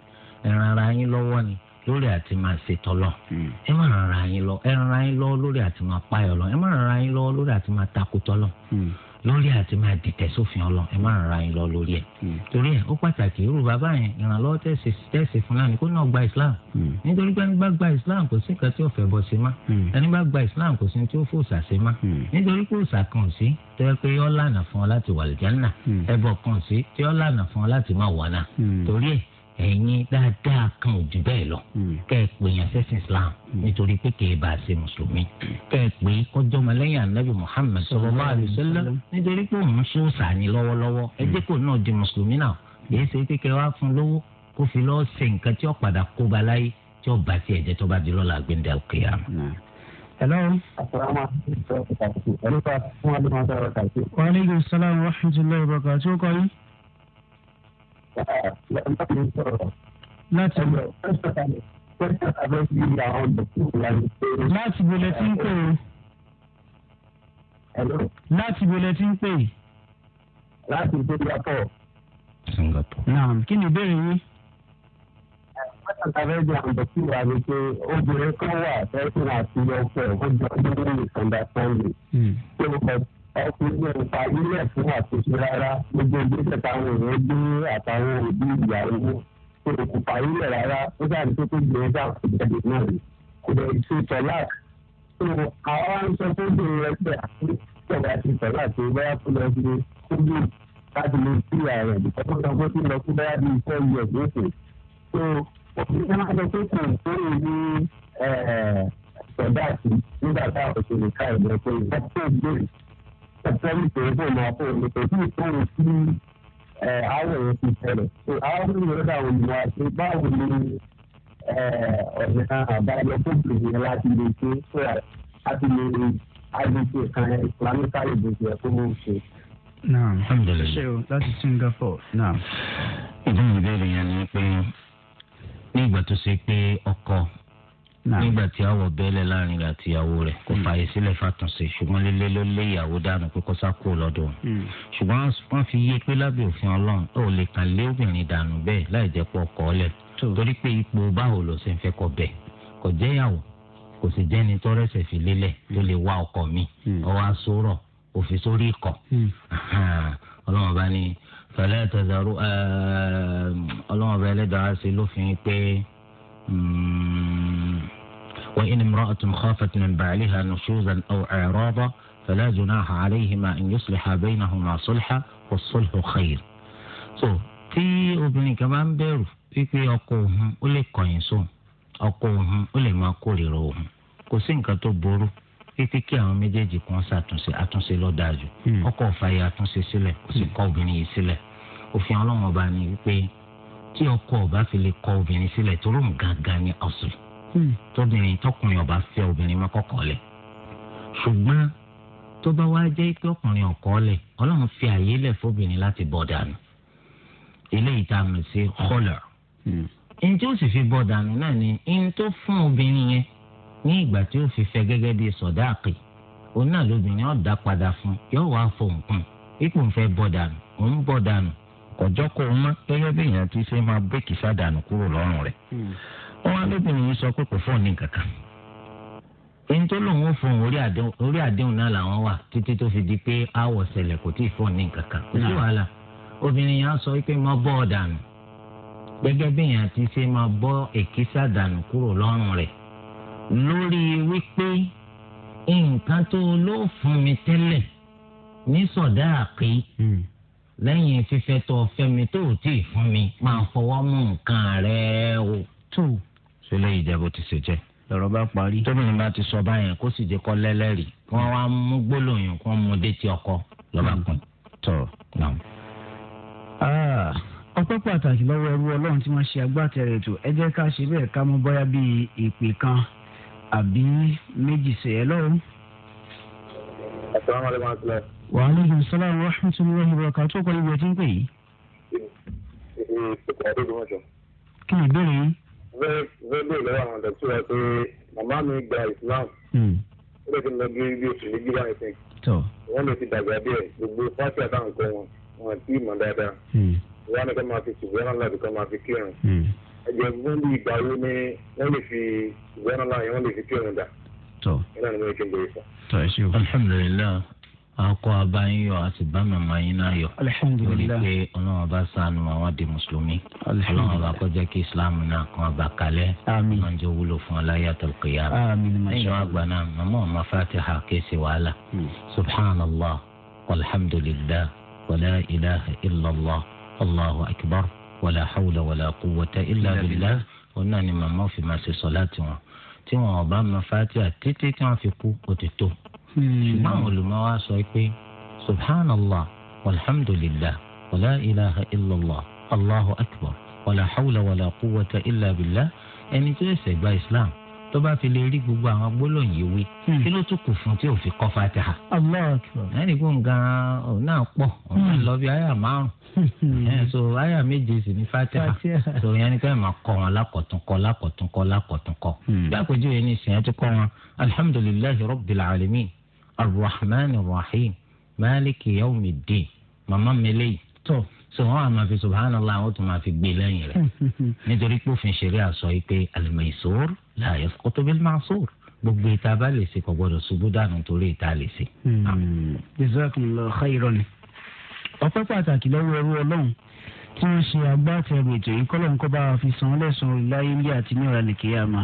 ẹ ràn ara yín lọ́wọ́ ni lórí àti máa ṣe tọlọ hmm. ẹ má ràn ara yín lọ ẹ ara yín lọ lórí àti máa payọ lọ ẹ má ràn ara yín lọ lórí àti máa takò tọlọ hmm lórí àti máa dìtẹ̀ sófin ọlọ ẹ máa ra yín lọ lórí ẹ hmm. torí ẹ ó pàtàkì irú bàbá yẹn ìrànlọ́wọ́ tẹ̀sí tẹ̀sí fúnlani kó náà gba islam hmm. nítorí pé ẹni bá gba islam kò sí nǹkan tí òfẹ́ bọ́ sí ma hmm. ẹni bá gba islam kò sí ní tí ó fòòsà sí ma nítorí pé òòsà kan sí tó yẹ pé yọ lànà fún ọ láti wà lìjánà ẹbọ kan sí tí yọ lànà fún ọ láti má wà náà torí ẹ ẹ̀yin dáadáa kan ò jù bẹ́ẹ̀ lọ hmm. kẹ́ ẹ pè yàn sẹ́sìn islam hmm. nítorí pé kì í bá a ṣe mùsùlùmí kẹ́ ẹ pè é kọjọ́ ọmọlẹ́yìn anabi muhammed sallallahu alaihi wasallam nítorí pé òun sọ sàní lọ́wọ́lọ́wọ́ ẹ jẹ́ hmm. kó náà di mùsùlùmí náà yìí ṣe kékeré wá fún lówó kó fi lọ́ọ́ ṣe nǹkan tí ó padà kó ba láyé tí ó bá tiẹ̀ jẹ́ tó bá di lọ́la gbẹ̀ndẹ̀ al láti sọ̀rọ̀ láti lọ láti bọlẹ tí ń pè é láti bọlẹ tí ń pè é. láti Singapore. Singapore. naam kí ni ìbéèrè yín àtàlẹ́jọ àbẹ̀tí wa ni pé obìnrin kan wà fẹ́ẹ́ fún àti ọkọ̀ ọjọ́ ọdún nìkan dá sọ́ọ̀lì. ṣé o kọ ọkùnrin ò fagilẹ̀ fún àtúnṣe rárá gbogbo ìgbésẹ̀ táwọn èèyàn gbé àtàwọn òbí ìyàwó kò kò fagilẹ̀ rárá ó dàbí tó tó gbé ẹja ìjẹ̀dẹ̀ náà rí kò dẹ̀ ṣe tọ́lá tó àwa ń sọ fún bí rẹ pé àti tọ́lá ti tọ́lá tó báyà kó lọ sí kójú láti lè sí ààrẹ ìtọ́jú kan tó ti lọ sí báyà bíi four years lókè tó òṣìṣẹ́ máa sọ pé tó lè ní ọ̀pọ̀lọpọ̀ ìpèsè ìmọ̀ ọ̀pọ̀ ìpèsè ìfowó sí àwọn èèyàn ti ṣẹlẹ̀ so àwọn ènìyàn lọ́dọ̀ àwọn olùwà ṣe báwo ni ọ̀nà àbáyọ tó bèrè láti lè ṣe so láti lè àgbèsè kan ìsìlámíkà ìgbèsè ẹ̀kọ́ mọ̀ ṣe. naam ṣe o láti Singapore naam. ìdí ìbéèrè yẹn ni pé ní ìgbà tó ṣe pé ọkọ nígbà tí àwọ̀ bẹ́lẹ̀ láàrin rẹ̀ àti ìyàwó rẹ̀ kò hmm. fààyè sílẹ̀ fàtúnṣe ṣùgbọ́n lélẹ́ ló lé ìyàwó dànù pé kó sáà kúrò lọ́dọ̀ wọn. Hmm. ṣùgbọ́n wọ́n fi yé pé lábẹ́ òfin ọlọ́run ó lè kàn lé obìnrin dànù bẹ́ẹ̀ láì jẹ́ pọ̀ kọ́ lẹ̀ torí pé ipò báwo ló ṣe ń fẹ́ kọ bẹ́ẹ̀ kò jẹ́ ìyàwó kò sì jẹ́ ni tọ́rẹ́sẹ̀ fi lélẹ̀ ló lè wá ọkọ mi hmm. ọwọ́ وإن امرأة خافت من بعلها نشوزا أو إعراضا فلا جناح عليهما أن يصلح بينهما صلحا والصلح خير so tí obìnrin kan bá ń bẹ̀rù wípé ọkọ òun ó lè kọ̀yìn sóun ọkọ òun ó lè máa kórìíra òun kò sí nǹkan tó burú wípé kí àwọn méjèèjì kan ṣàtúnṣe àtúnṣe lọ́dájú hmm. ọkọ ọ̀fàyè àtúnṣe sílẹ̀ kò sì hmm. kọ̀ obìnrin yìí sílẹ̀ òfin ọlọ́mọba ni wípé tí ọkọ ọba fi lè kọ̀ obìnrin sílẹ̀ tó rò ń gangan ní ọ̀sùn Hmm, tóbìnrin tọkùnrin ọba fẹ́ obìnrin má kọ́kọ́ lẹ̀ ṣùgbọ́n tó bá wá jẹ́ pé ọkùnrin ọ̀kọ́ lẹ̀ ọlọ́run fi àyè lẹ̀ fóbìnrin láti bọ́ dànù eléyìí tá a mọ̀ sí kọ́lọ̀ hmm. ẹni tí ó sì fi bọ́ dànù náà ni ẹni tó fún obìnrin yẹn ní ìgbà tí ó fi fẹ́ gẹ́gẹ́ bíi sọ̀dáàkì òun náà lóbìnrin ọ̀ dá padà fún yóò wá fòǹkùn ipò fẹ́ bọ́ dànù òun bọ́ dànù kọjọ́ kó o mọ́ gẹ́gẹ́ bí èèyàn ti ṣe máa bẹ́ẹ̀kì sádànù kúrò lọ́rùn rẹ̀ hmm wọn arábìnrin yìí sọ pé kò fọ́ ní kankan èyí tó lòun ò fún orí àdéhùn náà làwọn wà títí tó fi di pé àwọ̀ ṣẹlẹ̀ kò tí ì fọ́ ní kankan kò sí wàhálà obìnrin yẹn á sọ pé mo bọ́ ọ dànù gẹ́gẹ́ bí èèyàn ti ṣe máa bọ́ èkísà dànù kúrò lọ́rùn rẹ̀ lórí wípé nǹkan tó ló fún mi tẹ́lẹ̀ ní sọ̀dá àpé hmm. lẹ́yìn fífẹ́ tó fẹ́ mi tó ò tí ì fún mi máa fọwọ́ mú nǹkan rẹ̀ o sílé ìjẹ́bù ti ṣe jẹ́ lọ́rọ̀ bá parí. tóbìnrin bá ti sọ báyẹn kó sì jẹ́ kọ́ lẹ́lẹ́rì kí wọ́n wá mú gbólóyún kí wọ́n mú détí ọkọ lọ́ba kan. tọ́ náà. Ah, ọpẹ́ pàtàkì lọ́wọ́ ẹrú ọlọ́run tí wọ́n ṣe agbátẹrẹ ètò ẹ jẹ́ ká ṣe bẹ́ẹ̀ ká mú bóyá bíi ìpè kan àbí méjì ṣe ẹ lọ́rùn. wa alaikum salaam wa rahmatullahi wa barakatuh tó kọ́ ibi ẹ̀ tí ń pè yìí. kí ni ìbéèrè yìí rédíò lọ́wọ́ àwọn ọ̀dọ́ tí wọ́n pé màmá mi gba Islam hmm. ó lè fi lọ bí bí oṣù méjì báyìí sìn wọ́n lè ti dàgbà díẹ̀ gbogbo fásitì àtàwọn kan wọn wọn ti mọ̀ dáadáa wọn ni kò máa fi ṣùgbọ́n náà láti kò máa fi kírun hmm. ẹ̀jẹ̀ fún bí ìgbà wo ni wọ́n lè fi ṣùgbọ́n náà láàyè wọ́n lè fi kírun dà. tọ́ ẹ ni mo ṣe ń bẹ̀rẹ̀ sọ. tọ́ ẹ ṣe akọ ọba yín yọ àti bá màmá yín náà yọ lórí pé ọlọ́run ọba ṣàánú àwọn di mùsùlùmí ọlọ́run ọba kó jẹ́ kí islam náà kan ọba kalẹ̀ wọn jẹ́ wúlò fún aláyàtọ̀ kìyàrá lẹ́yìn àgbà náà màmá ọmọ fatiha kéésì wàhálà hmm. subhanallah walhamdulillah wàlá ilaha illallah allahu akbar wàlá hawla wàlá quwwata illa billah wọn náà ni màmá òfin máa ṣe sọ láti wọn tí wọn ọba ọmọ fatiha títí tí wọn fi kú ó ti tó. Hmm. ṣùgbọ́n àwọn olùmọ̀wá sọ pé subhanallah walhamdulillah wàlá ilaha illallah allahu akbar wàlá hawla wàlá quwwata illa billah ẹni tó ẹsẹ̀ gba islam tó bá fi lè rí gbogbo àwọn gbólóhùn yìí wí hmm. kí ló tún kù fún tí ò fi kọ́ fatiha. ẹnì kó nǹkan náà pọ̀ ọ̀nà hmm. lọ bí àyà márùn-ún ẹ̀ so àyà méje sì ní fatiha so yẹn ni ká máa kọ́ wọn lákọ̀túnkọ́ lákọ̀túnkọ́ lákọ̀túnkọ́. bí àpèjúwe ni sèyàn ti kọ́ wọn alhamdulillahi rabbil alamin arrahman rahim maliki yawmi din màmá mi lè tọ̀ so wọn àmà fi subhanallah àwọn tó máa fi gbé lẹ́yìn rẹ̀ nítorí pé òfin ṣẹ̀ríà sọ yìí pé al-maysur la yasqutu bil-ma'sur gbogbo ìta bá lè ṣe kò gbọdọ̀ ṣubú dànù torí ìta lè ṣe. Hmm. jazakumullahu khairan ọpẹ́ pàtàkì lọ́wọ́ ẹrú ọlọ́run tí ń ṣe agbátẹrù ètò yìí kọ́lọ̀ nǹkan bá fi san lẹ́sàn-án láyé ilé àti ní ọ̀rá nìkéyàmá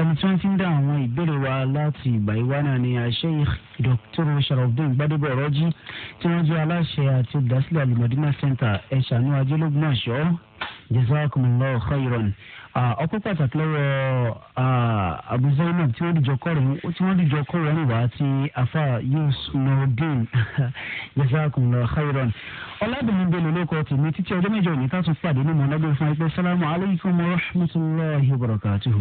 ẹni tí wọ́n ti ń dá àwọn ìbéèrè wa láti ìgbà ìwá náà ni Sheikh Dr. Sharafdin Gbadebo Ọ̀rọ̀jì tí wọ́n jẹ́ aláṣẹ àti olùdásílẹ̀ al Center ẹ̀ṣánú ajẹ́lógún àṣọ Jazakumullahu khairan ọkọ pàtàkì lọ́wọ́ abuzaina tí wọ́n dìjọ kọrin ó tí wọ́n dìjọ kọrin wá tí afa yus nordin jazakumullahu khairan ọlábìnrin bẹlẹ lóko tèmi títí ọjọ́ mẹ́jọ ní ká tún pàdé ní mọlẹgbẹ fún ẹgbẹ sálámù alaykum wa rahmatulahi wa barakatuhu.